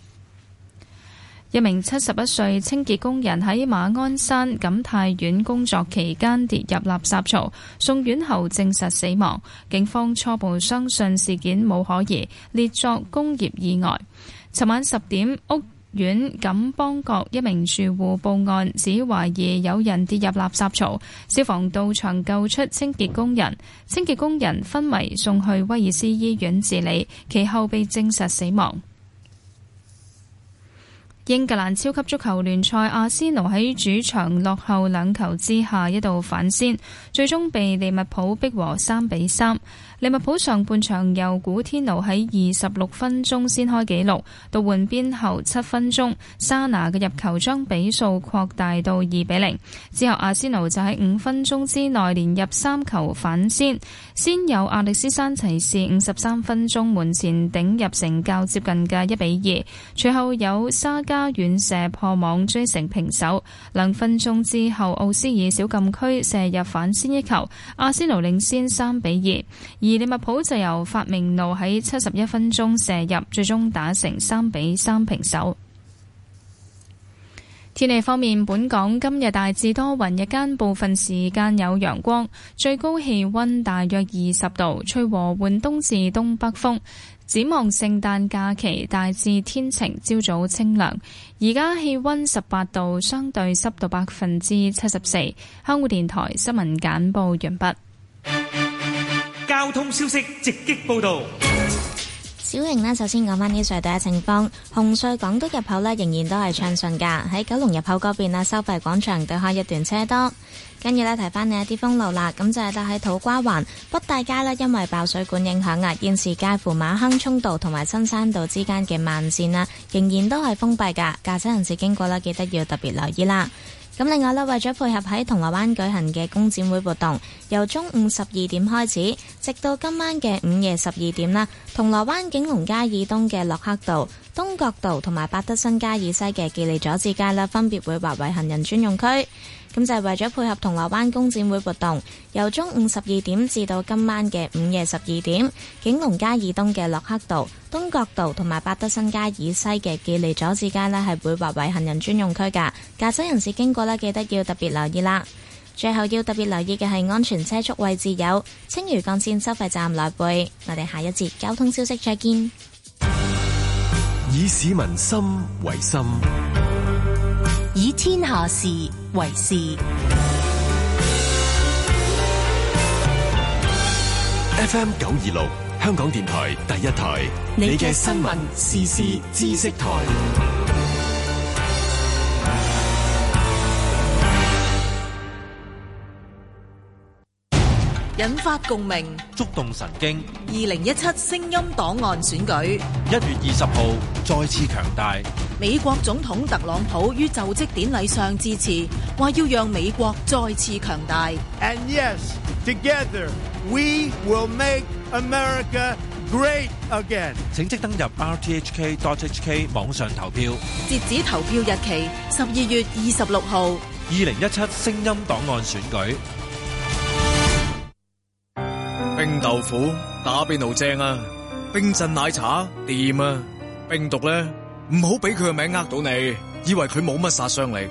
一名七十一歲清潔工人喺馬鞍山錦泰苑工作期間跌入垃圾槽，送院後證實死亡。警方初步相信事件冇可疑，列作工業意外。尋晚十點，屋苑錦邦閣一名住戶報案，指懷疑有人跌入垃圾槽，消防到場救出清潔工人，清潔工人昏迷送去威爾斯醫院治理，其後被證實死亡。英格蘭超級足球聯賽，阿仙奴喺主場落後兩球之下一度反先，最終被利物浦逼和三比三。利物浦上半場由古天奴喺二十六分鐘先開紀錄，到換邊後七分鐘，沙拿嘅入球將比數擴大到二比零。之後阿仙奴就喺五分鐘之內連入三球反先，先有阿歷斯山齊士五十三分鐘門前頂入成較接近嘅一比二，隨後有沙加遠射破網追成平手。兩分鐘之後，奧斯爾小禁區射入反先一球，阿仙奴領先三比二。而利物浦就由發明路喺七十一分鐘射入，最終打成三比三平手。天氣方面，本港今日大致多雲，日間部分時間有陽光，最高氣温大約二十度，吹和緩東至東北風。展望聖誕假期，大致天晴，朝早清涼。而家氣温十八度，相對濕度百分之七十四。香港電台新聞簡報，完畢。交通消息直擊報道。小瑩呢，首先講翻呢隧道嘅情況。紅隧港島入口呢，仍然都係暢順噶，喺九龍入口嗰邊啊，收費廣場對開一段車多。跟住呢，提翻你一啲封路啦，咁就係得喺土瓜灣北大街呢，因為爆水管影響啊，現時介乎馬坑涌道同埋新山道之間嘅慢綫啦，仍然都係封閉噶。駕駛人士經過呢，記得要特別留意啦。咁另外咧，為咗配合喺銅鑼灣舉行嘅工展會活動，由中午十二點開始，直到今晚嘅午夜十二點啦。銅鑼灣景隆街以東嘅駱克道、東角道同埋百德新街以西嘅記利佐治街啦，分別會劃為行人專用區。咁就係為咗配合銅鑼灣工展會活動，由中午十二點至到今晚嘅午夜十二點，景隆街以東嘅洛克道、東角道同埋百德新街以西嘅記利佐治街呢係會劃為行人專用區㗎，駕駛人士經過呢，記得要特別留意啦。最後要特別留意嘅係安全車速位置有青嶼幹線收費站內，背。我哋下一節交通消息再見。以市民心為心，以天下事為事。FM 九二六，香港電台第一台，你嘅新聞、時事、知識台。引發共鳴，觸動神經。二零一七聲音檔案選舉，一月二十號再次強大。美國總統特朗普於就職典禮上致辭，話要讓美國再次強大。And yes, together we will make America great again。請即登入 rthk.hk 網上投票，截止投票日期十二月二十六號。二零一七聲音檔案選舉。豆腐打邊爐正啊，冰鎮奶茶掂啊，冰毒咧，唔好俾佢個名呃到你，以為佢冇乜殺傷力，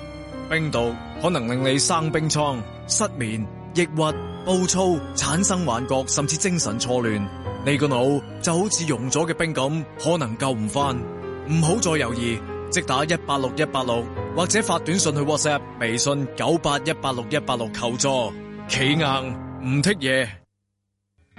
冰毒可能令你生冰瘡、失眠、抑鬱、暴躁、產生幻覺，甚至精神錯亂。你個腦就好似融咗嘅冰咁，可能救唔返。唔好再猶豫，即打一八六一八六，或者發短信去 WhatsApp、微信九八一八六一八六求助。企硬唔剔嘢。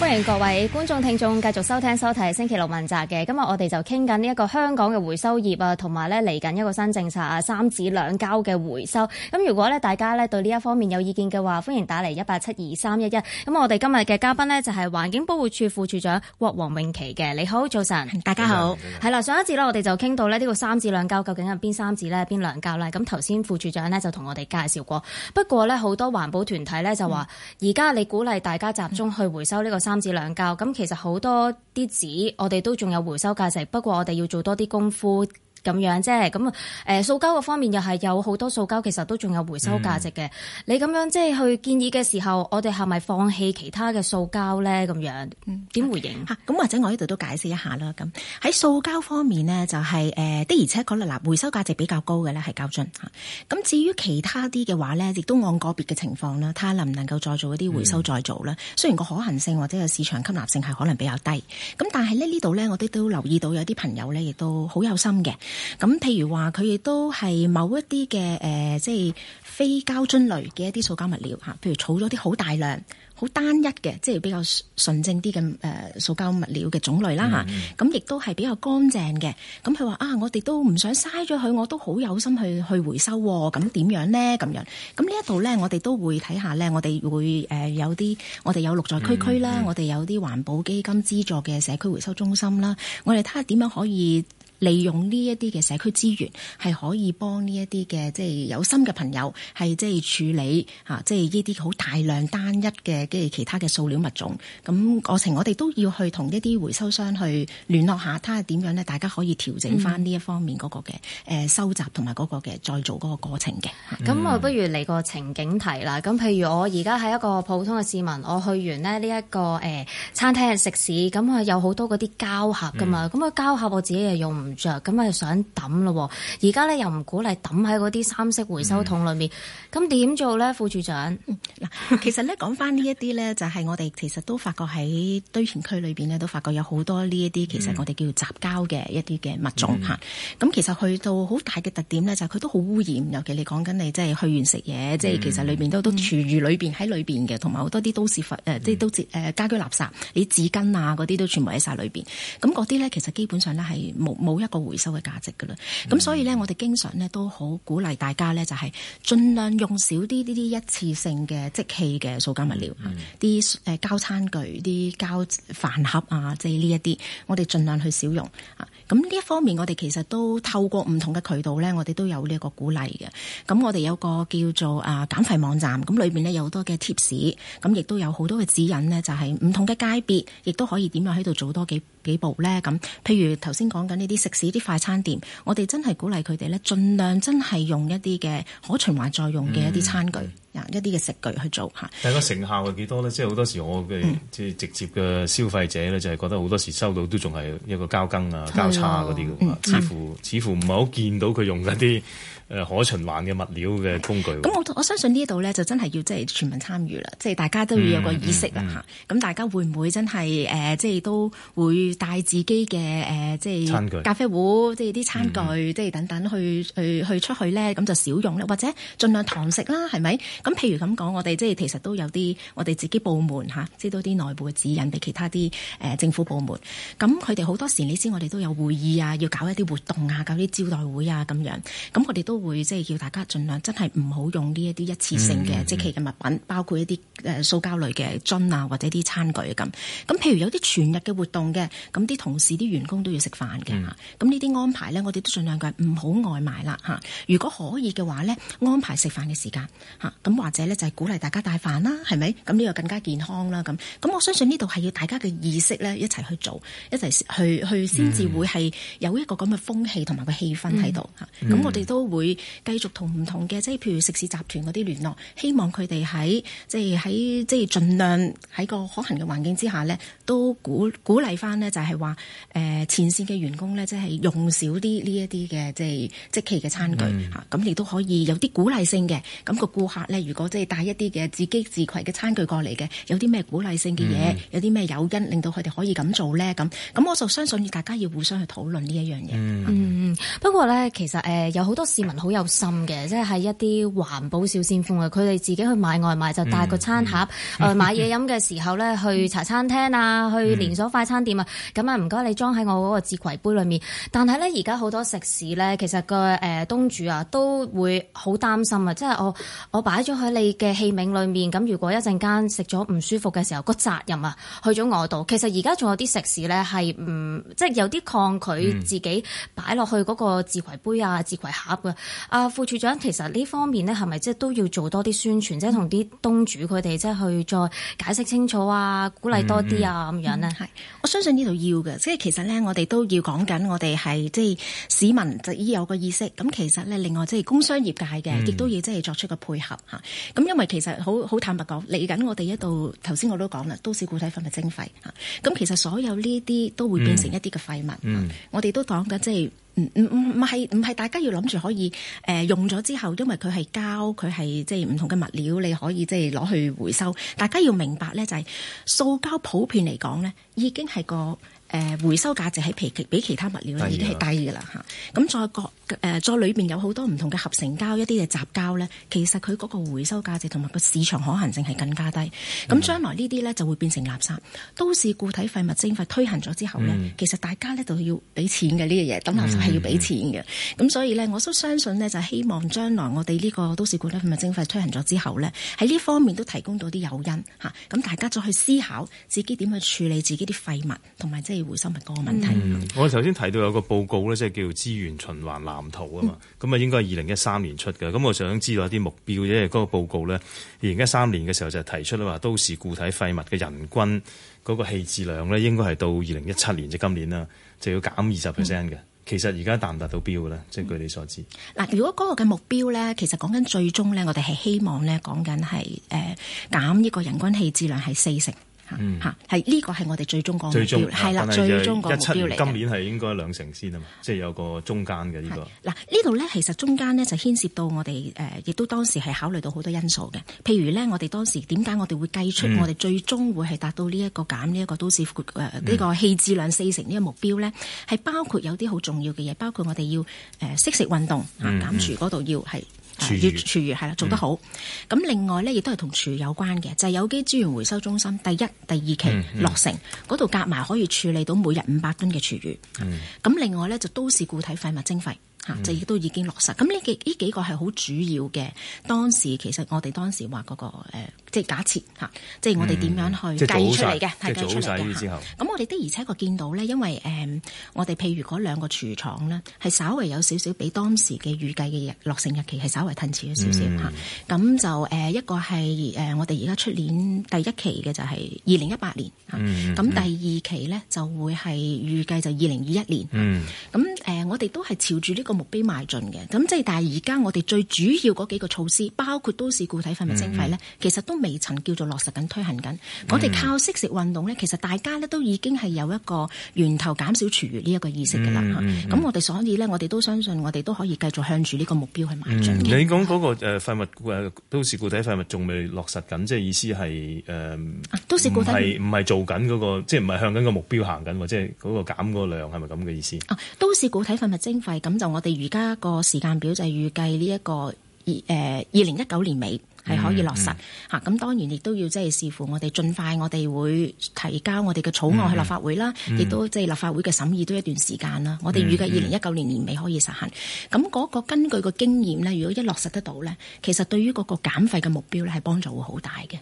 歡迎各位觀眾聽眾繼續收聽收睇星期六問責嘅，今日我哋就傾緊呢一個香港嘅回收業啊，同埋呢嚟緊一個新政策啊，三紙兩膠嘅回收。咁如果呢大家呢對呢一方面有意見嘅話，歡迎打嚟一八七二三一一。咁我哋今日嘅嘉賓呢，就係、是、環境保護署副署長郭黃穎琦嘅。你好，早晨，大家好。係啦，上一節呢，我哋就傾到呢個三紙兩膠究竟係邊三紙呢？邊兩膠啦。咁頭先副署長呢，就同我哋介紹過，不過呢，好多環保團體呢，就話、嗯，而家你鼓勵大家集中去回收呢個。三紙兩膠咁，其實好多啲紙我哋都仲有回收價值，不過我哋要做多啲功夫。咁樣啫，咁誒塑膠嘅方面又係有好多塑膠，其實都仲有回收價值嘅。嗯、你咁樣即係去建議嘅時候，我哋係咪放棄其他嘅塑膠呢？咁樣點回應？嚇、啊，咁、啊、或者我呢度都解釋一下啦。咁喺塑膠方面呢，就係誒的而且確啦，回收價值比較高嘅呢係膠樽。咁、啊、至於其他啲嘅話呢，亦都按個別嘅情況啦，睇下能唔能夠再做一啲回收再做啦。嗯、雖然個可行性或者個市場吸納性係可能比較低，咁但係呢度呢，我哋都留意到有啲朋友呢，亦都好有心嘅。咁譬如話佢亦都係某一啲嘅誒，即係非膠樽類嘅一啲塑膠物料吓，譬如儲咗啲好大量、好單一嘅，即係比較純正啲嘅誒塑膠物料嘅種類啦吓。咁亦、嗯啊、都係比較乾淨嘅。咁佢話啊，我哋都唔想嘥咗佢，我都好有心去去回收，啊。咁點樣呢？咁樣咁呢一度呢，我哋都會睇下呢。我哋會誒有啲我哋有綠在區區啦，我哋有啲環、嗯嗯、保基金資助嘅社區回收中心啦，我哋睇下點樣可以，利用呢一啲嘅社區資源，係可以幫呢一啲嘅即係有心嘅朋友，係即係處理吓，即係呢啲好大量單一嘅即係其他嘅塑料物種，咁過程我哋都要去同一啲回收商去聯絡下，睇下點樣咧，大家可以調整翻呢一方面嗰個嘅誒收集同埋嗰個嘅再做嗰個過程嘅。咁、嗯、我不如嚟個情景題啦。咁譬如我而家係一個普通嘅市民，我去完咧呢一個誒餐廳嘅食肆，咁啊有好多嗰啲膠盒噶嘛，咁啊膠盒我自己又用唔～著咁啊，就想抌咯，而家咧又唔鼓勵抌喺嗰啲三色回收桶裏面，咁點、嗯、做咧？副署長，嗱，其實咧講翻呢一啲咧， 就係我哋其實都發覺喺堆填區裏邊咧，都發覺有好多呢一啲其實我哋叫做雜交嘅一啲嘅物種嚇。咁、嗯嗯、其實去到好大嘅特點咧，就係佢都好污染，尤其你講緊你即係去完食嘢，即係、嗯、其實裏邊都、嗯、都廚餘裏邊喺裏邊嘅，同埋好多啲都市廢即係都市、呃、家居垃，垃圾，你紙巾啊嗰啲都全部喺晒裏邊。咁嗰啲咧其實基本上咧係冇冇。一個回收嘅價值噶啦，咁所以咧，我哋經常咧都好鼓勵大家咧，就係盡量用少啲呢啲一次性嘅即棄嘅塑膠物料，啲誒膠餐具、啲膠飯盒啊，即係呢一啲，我哋盡量去少用。咁呢一方面，我哋其實都透過唔同嘅渠道咧，我哋都有呢個鼓勵嘅。咁我哋有個叫做啊減廢網站，咁裏邊咧有好多嘅貼士，咁亦都有好多嘅指引呢，就係唔同嘅界別，亦都可以點樣喺度做多幾幾步咧？咁，譬如頭先講緊呢啲食肆、啲快餐店，我哋真係鼓勵佢哋咧，盡量真係用一啲嘅可循環再用嘅一啲餐具。嗯一啲嘅食具去做嚇，但係個成效係幾多咧？即係好多時我嘅即係直接嘅消費者咧，就係、是、覺得好多時收到都仲係一個膠羹啊、膠叉嗰啲似乎、嗯、似乎唔係好見到佢用一啲誒可循環嘅物料嘅工具。咁我我相信呢度咧就真係要即係、就是、全民參與啦，即、就、係、是、大家都要有個意識啦嚇。咁、嗯嗯嗯、大家會唔會真係誒即係都會帶自己嘅誒即係餐具、咖啡壺，即係啲餐具，即係、嗯、等等去去去出去咧，咁就少用咧，或者盡量堂食啦，係咪？咁譬如咁講，我哋即係其實都有啲我哋自己部門知道啲內部嘅指引俾其他啲、呃、政府部門。咁佢哋好多時，你知我哋都有會議啊，要搞一啲活動啊，搞啲招待會啊咁樣。咁我哋都會即係叫大家盡量真係唔好用呢一啲一次性嘅、嗯嗯嗯嗯、即期嘅物品，包括一啲誒、呃、塑膠類嘅樽啊，或者啲餐具咁。咁譬如有啲全日嘅活動嘅，咁啲同事啲員工都要食飯嘅，咁呢啲安排咧，我哋都儘量唔好外賣啦、啊、如果可以嘅話咧，安排食飯嘅時間、啊咁或者咧就係、是、鼓勵大家帶飯啦，係咪？咁呢個更加健康啦，咁咁我相信呢度係要大家嘅意識咧一齊去做，一齊去去先至會係有一個咁嘅風氣同埋個氣氛喺度。咁、嗯、我哋都會繼續不同唔同嘅即係譬如食肆集團嗰啲聯絡，希望佢哋喺即係喺即係盡量喺個可行嘅環境之下咧，都鼓鼓勵翻咧就係話誒前線嘅員工咧即係用少啲呢一啲嘅即係即期嘅餐具吓，咁、嗯啊、亦都可以有啲鼓勵性嘅，咁、那個顧客咧。如果即係帶一啲嘅自己自攜嘅餐具過嚟嘅，有啲咩鼓勵性嘅嘢，嗯、有啲咩誘因令到佢哋可以咁做咧？咁咁，我就相信大家要互相去討論呢一樣嘢。嗯，嗯、不過咧，其實誒、呃、有好多市民好有心嘅，即係係一啲環保小先鋒嘅，佢哋自己去買外賣就帶個餐盒，誒買嘢飲嘅時候咧去茶餐廳啊，去連鎖快餐店啊，咁啊唔該你裝喺我嗰個自攜杯裡面。但係咧而家好多食肆咧，其實、那個誒東、呃、主啊都會好擔心啊，即係我我擺。咗喺你嘅器皿裡面，咁如果一陣間食咗唔舒服嘅時候，個責任啊去咗我度。其實而家仲有啲食肆咧係唔，即係有啲抗拒自己擺落去嗰個自攜杯啊、自攜盒噶。阿、啊、副處長，其實呢方面咧係咪即係都要做多啲宣傳，即係同啲東主佢哋即係去再解釋清楚啊，鼓勵多啲啊咁、嗯、樣呢？係，我相信呢度要嘅，即係其實咧我哋都要講緊，我哋係即係市民就已有個意識。咁其實咧，另外即係工商業界嘅亦都要即係作出個配合吓。咁因為其實好好坦白講，嚟緊我哋一度頭先我都講啦，都市固體廢物徵費，咁其實所有呢啲都會變成一啲嘅廢物。嗯、我哋都講噶、就是，即係唔唔唔係唔係大家要諗住可以誒用咗之後，因為佢係膠，佢係即係唔同嘅物料，你可以即係攞去回收。大家要明白咧、就是，就係塑膠普遍嚟講咧，已經係個誒回收價值喺比其比其他物料已經係低噶啦吓。咁再講。誒在裏面有好多唔同嘅合成膠，一啲嘅雜膠呢，其實佢嗰個回收價值同埋個市場可行性係更加低。咁、嗯、將來呢啲呢，就會變成垃圾。都市固體廢物徵費推行咗之後呢，嗯、其實大家呢，就要俾錢嘅呢嘢，抌垃圾係要俾錢嘅。咁、嗯、所以呢，我都相信呢，就希望將來我哋呢個都市固體廢物徵費推行咗之後呢，喺呢方面都提供到啲誘因，咁、啊、大家再去思考自己點去處理自己啲廢物同埋即係回收物嗰個問題。嗯、我頭先提到有個報告呢，即係叫資源循環藍圖啊嘛，咁啊、嗯、應該係二零一三年出嘅，咁我想知道一啲目標，因為嗰個報告咧，二零一三年嘅時候就提出啦，話，都市固體廢物嘅人均嗰個棄置量咧，應該係到二零一七年即、就是、今年啦，就要減二十 percent 嘅。嗯、其實而家達唔達到標咧，即係據你所知。嗱，如果嗰個嘅目標咧，其實講緊最終咧，我哋係希望咧，講緊係誒減呢個人均棄置量係四成。嗯，嚇，呢、這個係我哋最終個目標，係啦，最終個目標嚟嘅。一七今年係應該兩成先啊嘛，即、就、係、是、有個中間嘅呢個。嗱，呢度咧其實中間咧就牽涉到我哋誒、呃，亦都當時係考慮到好多因素嘅。譬如咧，我哋當時點解我哋會計出我哋最終會係達到呢一個減呢一個都市誒呢、嗯、個氣質量四成呢個目標咧？係包括有啲好重要嘅嘢，包括我哋要誒適、呃、食運動啊，減廚嗰度要係。越廚餘係啦、啊，做得好。咁、嗯、另外呢，亦都係同廚餘有關嘅，就係、是、有機資源回收中心第一、第二期落成嗰度，夾埋、嗯嗯、可以處理到每日五百噸嘅廚餘。咁、嗯、另外呢，就都市固體廢物徵費，嗯、就亦都已經落實，咁呢幾呢幾個係好主要嘅。當時其實我哋當時話嗰、那個即係假設嚇，即係、啊、我哋點樣去計、嗯、出嚟嘅，係計出嚟嘅。咁、啊、我哋的而且確見到咧，因為誒、呃，我哋譬如嗰兩個廚廠咧，係稍為有少少比當時嘅預計嘅落成日期係稍為褪遲咗少少嚇。咁、嗯啊、就誒、呃、一個係誒、呃、我哋而家出年第一期嘅就係二零一八年，咁、啊嗯啊、第二期咧就會係預計就二零二一年。咁誒、嗯啊呃、我哋都係朝住呢個目標邁進嘅，咁即係但係而家我哋最主要嗰幾個措施，包括都市固體廢物徵費咧，嗯、其實都未曾叫做落實緊推行緊。嗯、我哋靠惜食運動咧，其實大家咧都已經係有一個源頭減少廚餘呢一個意識噶啦。咁我哋所以咧，我哋都相信我哋都可以繼續向住呢個目標去邁進、嗯。你講嗰個誒廢物誒都市固體廢物仲未落實緊，即係意思係誒，都市固體唔係唔係做緊嗰、嗰個，即係唔係向緊個目標行緊，即係嗰個減嗰個量係咪咁嘅意思？啊，都市固體廢物徵費咁就我哋，而家個時間表就係預計呢一個二誒二零一九年尾。係可以落實嚇，咁當然亦都要即係視乎我哋盡快，我哋會提交我哋嘅草案去立法會啦，亦都即係立法會嘅審議都一段時間啦。我哋預計二零一九年年尾可以實行。咁嗰個根據個經驗呢，如果一落實得到呢，其實對於嗰個減廢嘅目標呢，係幫助會好大嘅。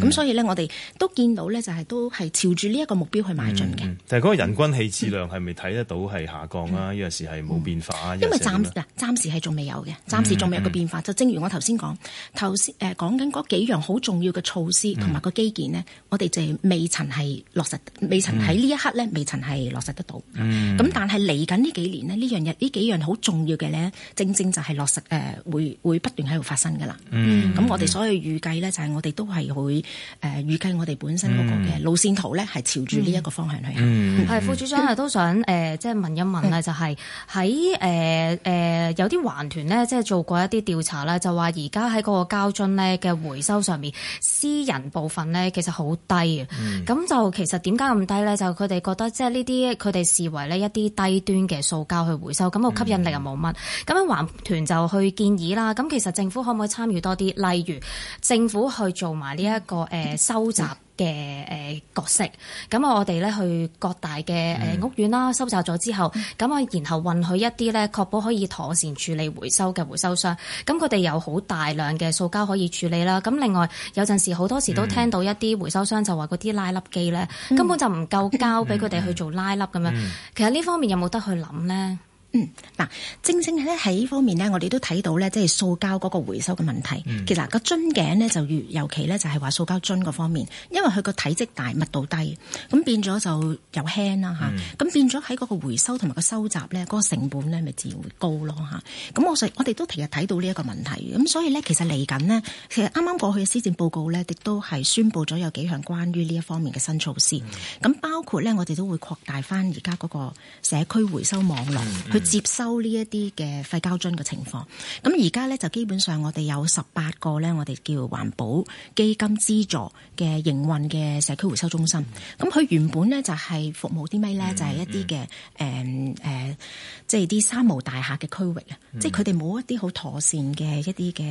咁所以呢，我哋都見到呢，就係都係朝住呢一個目標去邁進嘅。但係嗰個人均棄置量係咪睇得到係下降啊？有時係冇變化，因為暫嗱暫時係仲未有嘅，暫時仲未有個變化。就正如我頭先講，頭先。講講緊嗰幾樣好重要嘅措施同埋個基建呢，嗯、我哋就未曾係落實，未曾喺呢一刻呢，未曾係落實得到。咁、嗯、但係嚟緊呢幾年呢，呢樣嘢呢幾樣好重要嘅呢，正正就係落實誒、呃，會不斷喺度發生㗎啦。咁、嗯、我哋所以預計呢，嗯、就係我哋都係會誒預計我哋本身嗰個嘅路線圖呢，係朝住呢一個方向去行、嗯。嗯。嗯副署長啊，嗯、都想即係、呃就係、問一問啊、嗯呃呃，就係喺有啲環團呢，即係做過一啲調查啦，就話而家喺嗰個交通。咧嘅回收上面，私人部分咧其實好低啊。咁就、嗯、其實點解咁低咧？就佢哋覺得即係呢啲佢哋視為咧一啲低端嘅塑膠去回收，咁個吸引力又冇乜。咁、嗯、樣環團就去建議啦。咁其實政府可唔可以參與多啲？例如政府去做埋呢一個誒收集。嗯嗯嘅角色，咁啊我哋咧去各大嘅屋苑啦，嗯、收集咗之後，咁啊然後允許一啲咧確保可以妥善處理回收嘅回收商，咁佢哋有好大量嘅塑膠可以處理啦。咁另外有陣時好多時都聽到一啲回收商就話嗰啲拉粒機咧根本就唔夠膠俾佢哋去做拉粒咁樣，嗯、其實呢方面有冇得去諗咧？嗯，嗱，正正咧喺呢方面呢，我哋都睇到呢，即係塑膠嗰個回收嘅問題。嗯、其實個個樽頸呢，就越尤其呢，就係話塑膠樽嗰方面，因為佢個體積大、密度低，咁變咗就又輕啦吓，咁、嗯啊、變咗喺嗰個回收同埋個收集呢，嗰、嗰個成本呢咪自然會高咯吓。咁、啊、我我哋都成日睇到呢一個問題，咁所以呢，其實嚟緊呢，其實啱啱過去嘅施政報告呢，亦都係宣佈咗有幾項關於呢一方面嘅新措施，咁、嗯、包括呢，我哋都會擴大翻而家嗰個社區回收網絡。嗯嗯佢、嗯、接收呢一啲嘅廢膠樽嘅情況，咁而家咧就基本上我哋有十八個咧，我哋叫環保基金資助嘅營運嘅社區回收中心。咁佢、嗯、原本咧就係、是、服務啲咩？咧？就係、是、一啲嘅誒誒即係啲三無大廈嘅區域啊，即係佢哋冇一啲好妥善嘅一啲嘅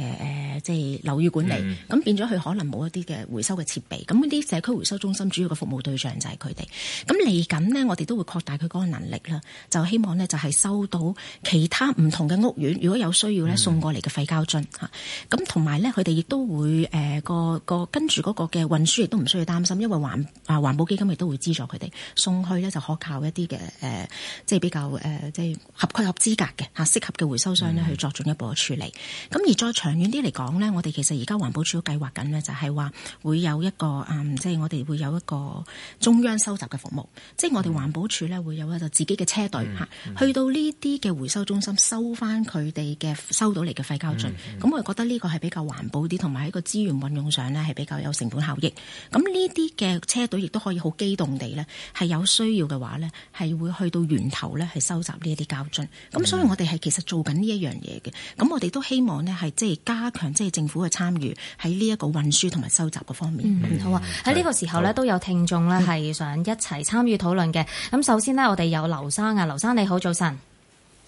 誒即係樓宇管理。咁、嗯、變咗佢可能冇一啲嘅回收嘅設備。咁啲社區回收中心主要嘅服務對象就係佢哋。咁嚟緊咧，我哋都會擴大佢嗰個能力啦，就希望咧就係、是、收。到其他唔同嘅屋苑，如果有需要咧，送過嚟嘅廢膠樽，吓，咁同埋咧，佢哋亦都會誒、呃、個個跟住嗰個嘅運輸，亦都唔需要擔心，因為環啊環保基金亦都會資助佢哋送去咧，就可靠一啲嘅誒，即係比較誒、呃，即係合規合資格嘅吓，適、啊、合嘅回收商咧去作進一步嘅處理。咁、嗯、而再長遠啲嚟講咧，我哋其實而家環保署都計劃緊咧，就係話會有一個啊、嗯、即係我哋會有一個中央收集嘅服務，嗯、即係我哋環保署咧會有一個自己嘅車隊吓，啊嗯、去到呢。呢啲嘅回收中心收翻佢哋嘅收到嚟嘅廢膠樽，咁、嗯嗯、我覺得呢個係比較環保啲，同埋喺個資源運用上呢，係比較有成本效益。咁呢啲嘅車隊亦都可以好機動地呢，係有需要嘅話呢，係會去到源頭呢，係收集呢一啲膠樽。咁所以我哋係其實做緊呢一樣嘢嘅。咁我哋都希望呢，係即係加強即係政府嘅參與喺呢一個運輸同埋收集嗰方面。嗯、好啊！喺呢個時候呢，都有聽眾呢，係想一齊參與討論嘅。咁首先呢，我哋有劉生啊，劉生你好早晨。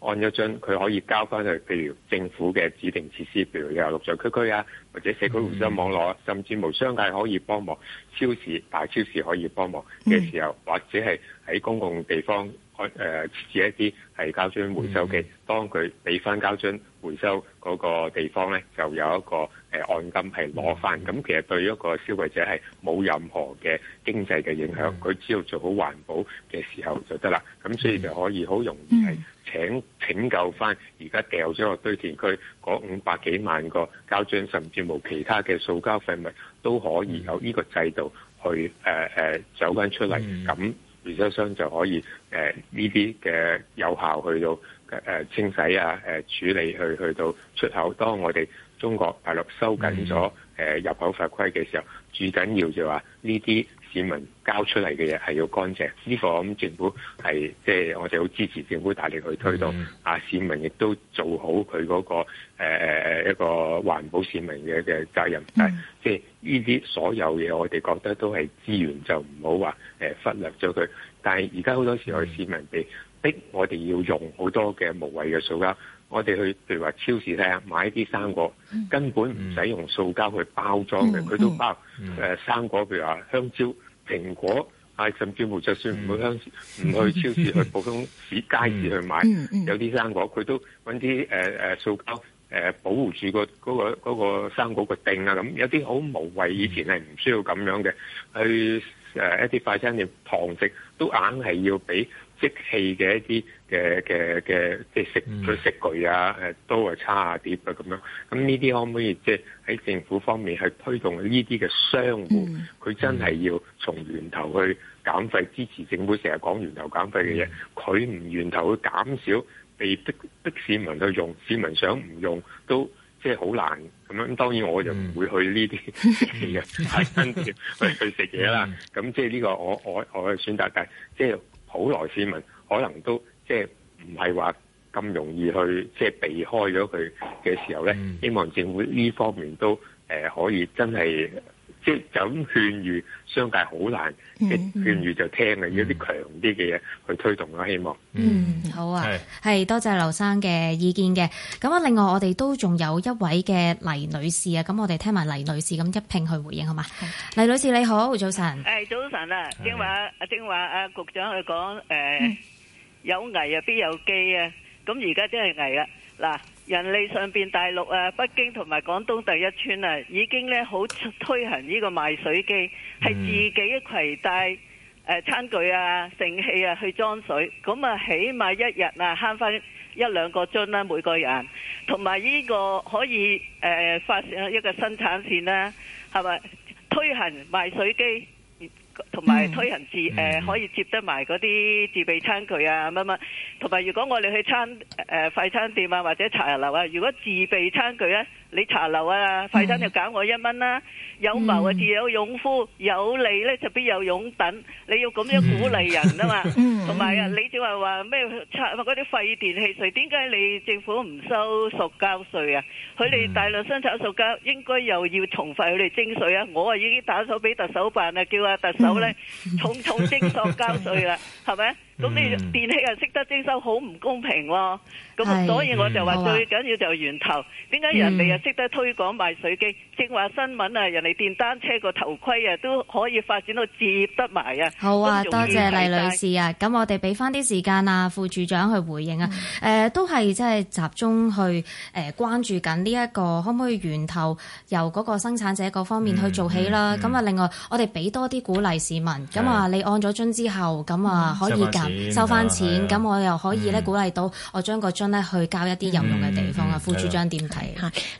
按咗樽，佢可以交翻去，譬如政府嘅指定設施，譬如有綠在區區啊，或者社區回收網絡，甚至無商界可以幫忙，超市大超市可以幫忙嘅時候，嗯、或者係喺公共地方開誒設置一啲係膠樽回收機、嗯、當佢俾翻膠樽。回收嗰個地方咧，就有一個誒按、呃、金，係攞翻，咁其實對一個消費者係冇任何嘅經濟嘅影響，佢只要做好環保嘅時候就得啦，咁所以就可以好容易係請拯救翻而家掉咗個堆填區嗰五百幾萬個膠樽，甚至冇其他嘅塑膠廢物都可以有呢個制度去誒誒、呃啊、走翻出嚟，咁回收商就可以誒呢啲嘅有效去到。誒，清洗啊，誒，處理去去到出口，當我哋中國大陸收緊咗誒入口法規嘅時候，mm. 最緊要就話呢啲市民交出嚟嘅嘢係要乾淨呢個咁，政府係即係我哋好支持政府大力去推動，啊，mm. 市民亦都做好佢嗰、嗰個誒、呃、一個環保市民嘅嘅責任，係即係呢啲所有嘢，我哋覺得都係資源，就唔好話誒忽略咗佢。但係而家好多時我哋市民哋。逼我哋要用好多嘅無謂嘅塑膠，我哋去譬如話超市睇下買一啲生果，根本唔使用，用塑膠去包裝嘅，佢、嗯、都包誒生、嗯呃、果，譬如話香蕉、蘋果啊，甚至乎就算唔去香唔去超市、嗯、去普通市、嗯、街市去買，有啲生果佢都搵啲誒誒塑膠誒、呃、保護住、嗰個嗰、嗰個生、嗰個、果個頂啊。咁有啲好無謂，以前係唔需要咁樣嘅去誒、呃、一啲快餐店堂食都硬係要俾。即氣嘅一啲嘅嘅嘅，即食嘅食具啊，誒刀差、啊、叉啊碟啊咁樣，咁呢啲可唔可以即喺政府方面係推動呢啲嘅商戶，佢、嗯、真係要從源頭去減廢，支持政府成日講源頭減廢嘅嘢，佢唔、嗯、源頭去減少被逼逼市民去用，市民想唔用都即係好難咁樣。當然我就唔會去呢啲即棄嘅，係跟住去食嘢啦。咁、嗯、即係呢個我我我嘅選擇但即係好耐市民可能都即係唔係話咁容易去即係避開咗佢嘅時候咧，嗯、希望政府呢方面都誒、呃、可以真係。即係就咁勸喻商界好難，即係勸喻就聽啊！要啲強啲嘅嘢去推動啊！希望嗯，好啊，係係多謝劉生嘅意見嘅。咁啊，另外我哋都仲有一位嘅黎女士啊，咁我哋聽埋黎女士咁一拼去回應，好嗎？黎女士你好，早晨。誒早晨啊，正話啊，正話啊，局長去講誒有危啊，必有機啊，咁而家真係危啊嗱。人力上邊大陸啊，北京同埋廣東第一村啊，已經咧好推行呢個賣水機，係、mm. 自己攜帶誒餐具啊、盛器啊去裝水，咁啊起碼一日啊慳翻一兩個樽啦、啊，每個人，同埋呢個可以誒、呃、發展一個生產線啦、啊，係咪推行賣水機？同埋推行自誒、嗯嗯呃、可以接得埋嗰啲自備餐具啊乜乜，同埋如果我哋去餐誒、呃、快餐店啊或者茶樓啊，如果自備餐具咧、啊？你茶樓啊，快餐就減我一蚊啦，啊。有謀啊，自有勇夫；嗯、有利咧，就必有勇等。你要咁樣鼓勵人啊嘛。同埋、嗯嗯、啊，嗯、你只話話咩拆嗰啲廢電器稅，點解你政府唔收塑膠稅啊？佢哋、嗯、大量生產塑膠，應該又要重罰佢哋徵稅啊！我啊已經打手俾特首辦啊，叫阿特首咧重重徵塑膠稅啦，係咪、嗯？咁你電器又識得徵收，好唔公平囉。咁是所以我就話最緊要就係源頭。點解、啊、人哋又識得推廣賣水機？正話、嗯、新聞啊，人哋電單車個頭盔啊，都可以發展到接得埋啊。好啊，多謝黎女士啊。咁我哋俾翻啲時間啊，副署長去回應啊。嗯呃、都係即係集中去關注緊呢一個，可唔可以源頭由嗰個生產者各方面去做起啦？咁啊、嗯，嗯、另外我哋俾多啲鼓勵市民。咁啊是，你按咗樽之後，咁啊可以減。收翻錢，咁我又可以咧鼓勵到我將個樽咧去交一啲有用嘅地方啊！副主、嗯嗯嗯嗯、張點睇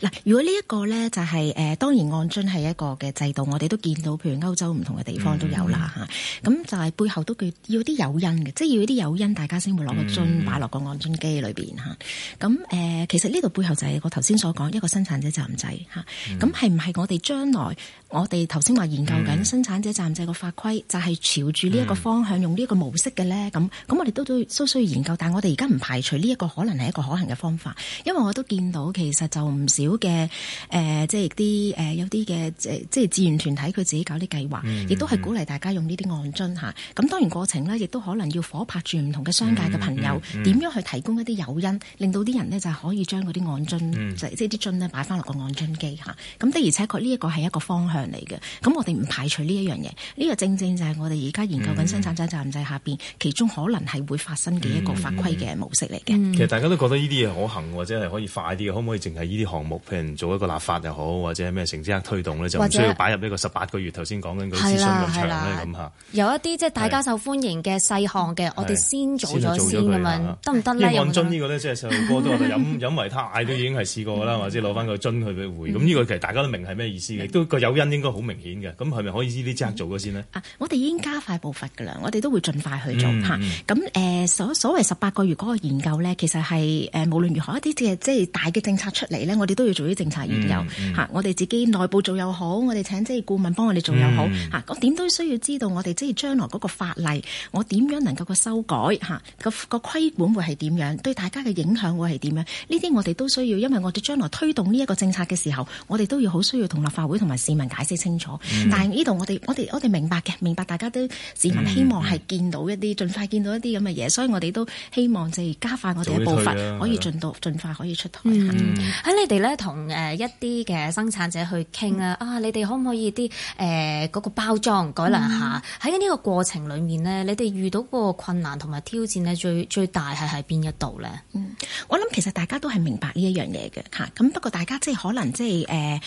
嗱，如果呢一個咧就係、是、誒、呃，當然按樽係一個嘅制度，我哋都見到譬如歐洲唔同嘅地方都有啦嚇。咁、嗯嗯啊、就係背後都叫要啲有因嘅，即係要啲有因，大家先會攞個樽擺落個按樽機裏面。嚇、啊。咁、呃、其實呢度背後就係我頭先所講一個生產者責任制嚇。咁係唔係我哋將來？我哋頭先話研究緊生產者責任制個法規，就係朝住呢一個方向、嗯、用呢一個模式嘅咧。咁咁，我哋都都需要研究。但係我哋而家唔排除呢一個可能係一個可行嘅方法，因為我都見到其實就唔少嘅即係啲有啲嘅即係即係志願團體佢自己搞啲計劃，亦都係鼓勵大家用呢啲按樽嚇。咁、嗯啊、當然過程呢，亦都可能要火拍住唔同嘅商界嘅朋友，點樣、嗯嗯、去提供一啲誘因，令到啲人呢就可以將嗰啲按樽、嗯、即係啲樽呢擺翻落個按樽機嚇。咁、啊、的而且確呢一個係一個方向。嚟嘅，咁我哋唔排除呢一樣嘢，呢個正正就係我哋而家研究緊生產者責任制下邊，其中可能係會發生嘅一個法規嘅模式嚟嘅。其實大家都覺得呢啲嘢可行，或者係可以快啲，可唔可以淨係呢啲項目，譬如做一個立法又好，或者咩成績推動咧，就唔需要擺入呢個十八個月頭先講緊嘅諮詢過程咧咁嚇。有一啲即係大家受歡迎嘅細項嘅，我哋先做咗先咁樣，得唔得呢？又或者呢個咧，即係細路哥都話飲飲維他奶都已經係試過啦，或者攞翻個樽去俾回，咁呢個其實大家都明係咩意思嘅，亦都個有因。應該好明顯嘅，咁係咪可以呢啲即刻做咗先呢？啊，我哋已經加快步伐噶啦，我哋都會盡快去做嚇。咁誒、嗯嗯啊呃，所所謂十八個月嗰個研究咧，其實係誒、呃、無論如何，一啲即係大嘅政策出嚟咧，我哋都要做啲政策研究嚇。我哋自己內部做又好，我哋請即係顧問幫我哋做又好嚇。咁點、嗯啊、都需要知道我哋即係將來嗰個法例，我點樣能夠個修改嚇、啊、個個規管會係點樣，對大家嘅影響會係點樣？呢啲我哋都需要，因為我哋將來推動呢一個政策嘅時候，我哋都要好需要同立法會同埋市民。解釋清楚，但係呢度我哋我哋我哋明白嘅，明白大家都市民希望係見到一啲，盡、嗯、快見到一啲咁嘅嘢，所以我哋都希望就係加快我哋嘅步伐，可以進度盡快、嗯、的快可以出台。喺、嗯啊、你哋咧同誒一啲嘅生產者去傾、嗯、啊，啊你哋可唔可以啲誒嗰個包裝改良下？喺呢、嗯、個過程裏面咧，你哋遇到個困難同埋挑戰咧，最最大係喺邊一度咧？嗯、我諗其實大家都係明白呢一樣嘢嘅吓，咁不過大家即係可能即係誒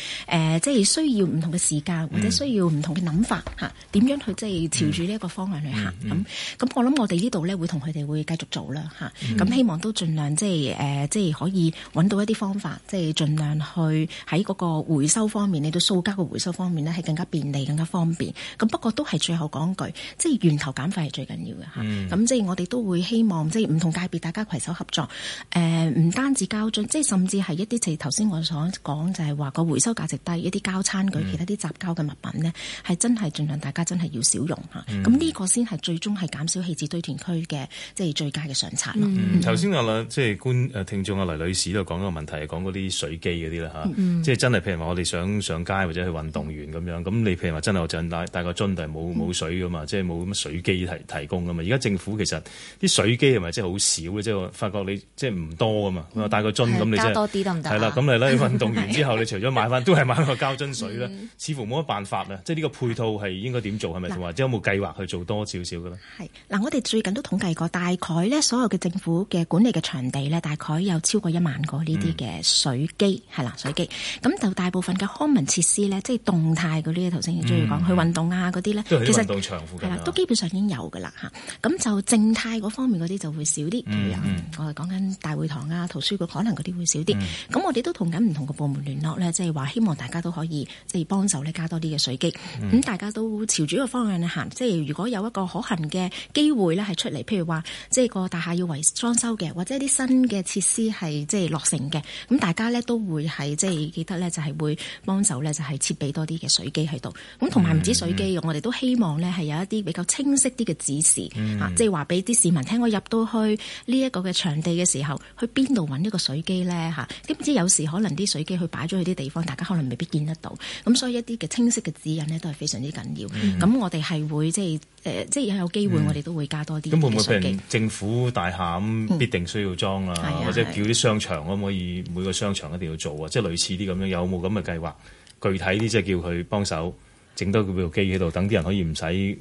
誒，即係需要唔同嘅。時間或者需要唔同嘅諗法嚇，點、mm. 啊、樣去即係、就是、朝住呢一個方向去行咁？咁我諗我哋呢度咧會同佢哋會繼續做啦嚇。咁、啊 mm. 希望都盡量即係誒，即、就、係、是呃就是、可以揾到一啲方法，即係盡量去喺嗰個回收方面，你對塑膠嘅回收方面咧係更加便利、更加方便。咁不過都係最後講句，即、就、係、是、源頭減廢係最緊要嘅嚇。咁即係我哋都會希望即係唔同界別大家攜手合作。誒、呃，唔單止膠樽，即、就、係、是、甚至係一啲即係頭先我所講就係、是、話個回收價值低一啲膠餐具、mm. 其他。啲雜交嘅物品呢，係真係盡量大家真係要少用吓，咁呢個先係最終係減少棄置堆填區嘅即係最佳嘅上策咯。頭先啊，即係觀誒聽眾阿黎女士都講個問題，講嗰啲水機嗰啲啦吓，即係真係譬如話我哋想上街或者去運動完咁樣，咁你譬如話真係我真帶帶個樽就係冇冇水噶嘛，即係冇乜水機提提供噶嘛。而家政府其實啲水機係咪真係好少嘅？即係我發覺你即係唔多噶嘛，帶個樽咁你即係多啲得唔得？係啦，咁嚟啦，你運動完之後，你除咗買翻都係買個膠樽水啦。似乎冇乜辦法啦，即係呢個配套係應該點做係咪？或者、啊、有冇計劃去做多少少嘅咧？係嗱、啊，我哋最近都統計過，大概咧所有嘅政府嘅管理嘅場地咧，大概有超過一萬個呢啲嘅水機係啦，嗯，水機咁就大部分嘅康文設施咧，即係動態嘅呢一頭先，即係講去運動啊嗰啲咧，呢其實運動場附近係啦，都基本上已經有㗎啦嚇。咁就靜態嗰方面嗰啲就會少啲，嗯、我哋講緊大會堂啊、圖書館可能嗰啲會少啲。咁、嗯、我哋都同緊唔同嘅部門聯絡咧，即係話希望大家都可以即係、即係、幫。就加多啲嘅水機，咁、嗯、大家都朝住一個方向去行，即係如果有一個可行嘅機會咧，係出嚟，譬如話，即係個大廈要維裝修嘅，或者一啲新嘅設施係即係落成嘅，咁大家咧都會係即係記得咧，就係會幫手咧，就係設備多啲嘅水機喺度。咁同埋唔止水機，嘅、嗯，我哋都希望咧係有一啲比較清晰啲嘅指示、嗯、即係話俾啲市民聽，我入到去呢一個嘅場地嘅時候，去邊度搵一個水機咧？吓，點知有時可能啲水機去擺咗去啲地方，大家可能未必見得到，咁所以。一啲嘅清晰嘅指引咧，都係非常之緊要。咁、嗯、我哋係會即係誒，即係有機會我哋都會加多啲、嗯。咁會唔會俾政府大廈、嗯、必定需要裝啊？啊或者叫啲商場可唔、啊、可以每個商場一定要做啊？即係類似啲咁樣，有冇咁嘅計劃？具體啲即係叫佢幫手整多個機喺度，等啲人可以唔使。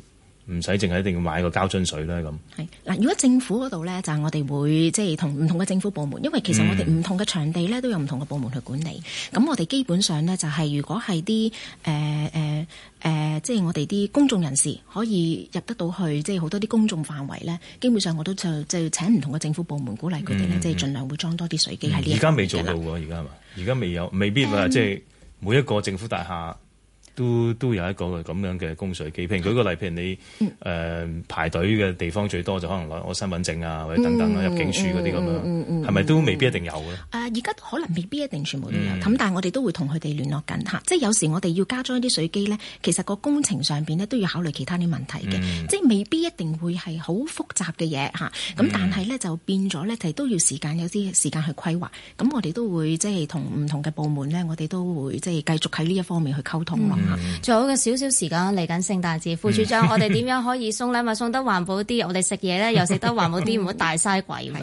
唔使淨係一定要買一個膠樽水啦。咁。嗱，如果政府嗰度咧，就係、是、我哋會即係、就是、同唔同嘅政府部門，因為其實我哋唔同嘅場地咧、嗯、都有唔同嘅部門去管理。咁我哋基本上咧就係、是，如果係啲誒誒即係我哋啲公眾人士可以入得到去，即係好多啲公眾範圍咧，基本上我都就即係請唔同嘅政府部門鼓勵佢哋咧，即係、嗯、盡量會裝多啲水機喺呢、嗯。而家未做到喎，而家係咪？而家未有，未必話，即係、嗯、每一個政府大廈。都都有一個咁樣嘅供水機。譬如舉個例，譬如你、呃嗯、排隊嘅地方最多就可能攞我身份證啊，或者等等、啊、入境處嗰啲咁樣，係咪、嗯嗯嗯、都未必一定有咧？而家、呃、可能未必一定全部都有。咁、嗯、但係我哋都會同佢哋聯絡緊、啊、即係有時我哋要加裝啲水機咧，其實個工程上面咧都要考慮其他啲問題嘅。嗯、即係未必一定會係好複雜嘅嘢嚇。咁、啊、但係咧、嗯、就變咗咧，就都要時間有啲時間去規劃。咁我哋都會即係同唔同嘅部門咧，我哋都會即係繼續喺呢一方面去溝通咯。嗯仲有個少少時間，嚟緊聖誕節，副處長，我哋點樣可以送禮物、mm hmm. 送得環保啲？我哋食嘢咧又食得環保啲，唔好 大嘥鬼啦！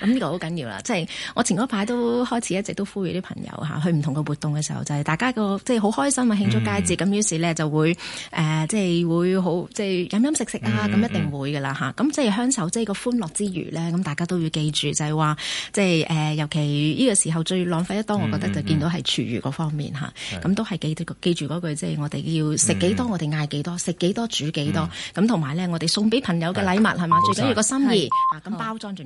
咁呢個好緊要啦，即、就、係、是、我前嗰排都開始一直都呼籲啲朋友嚇去唔同嘅活動嘅時候，就係、是、大家個即係好開心啊，慶祝佳節咁，mm hmm. 於是咧就會誒即係會好即係、就是、飲飲食食啊，咁、mm hmm. 一定會噶啦嚇。咁即係享受即係個歡樂之餘咧，咁大家都要記住就係話即係誒，尤其呢個時候最浪費得多，mm hmm. 我覺得就見到係廚餘嗰方面嚇，咁、mm hmm. 都係記記住嗰句。我哋要食幾多，我哋嗌幾多；食幾多煮幾多。咁同埋咧，我哋送俾朋友嘅禮物係嘛，對吧最緊要個心意。的啊，咁包裝仲要。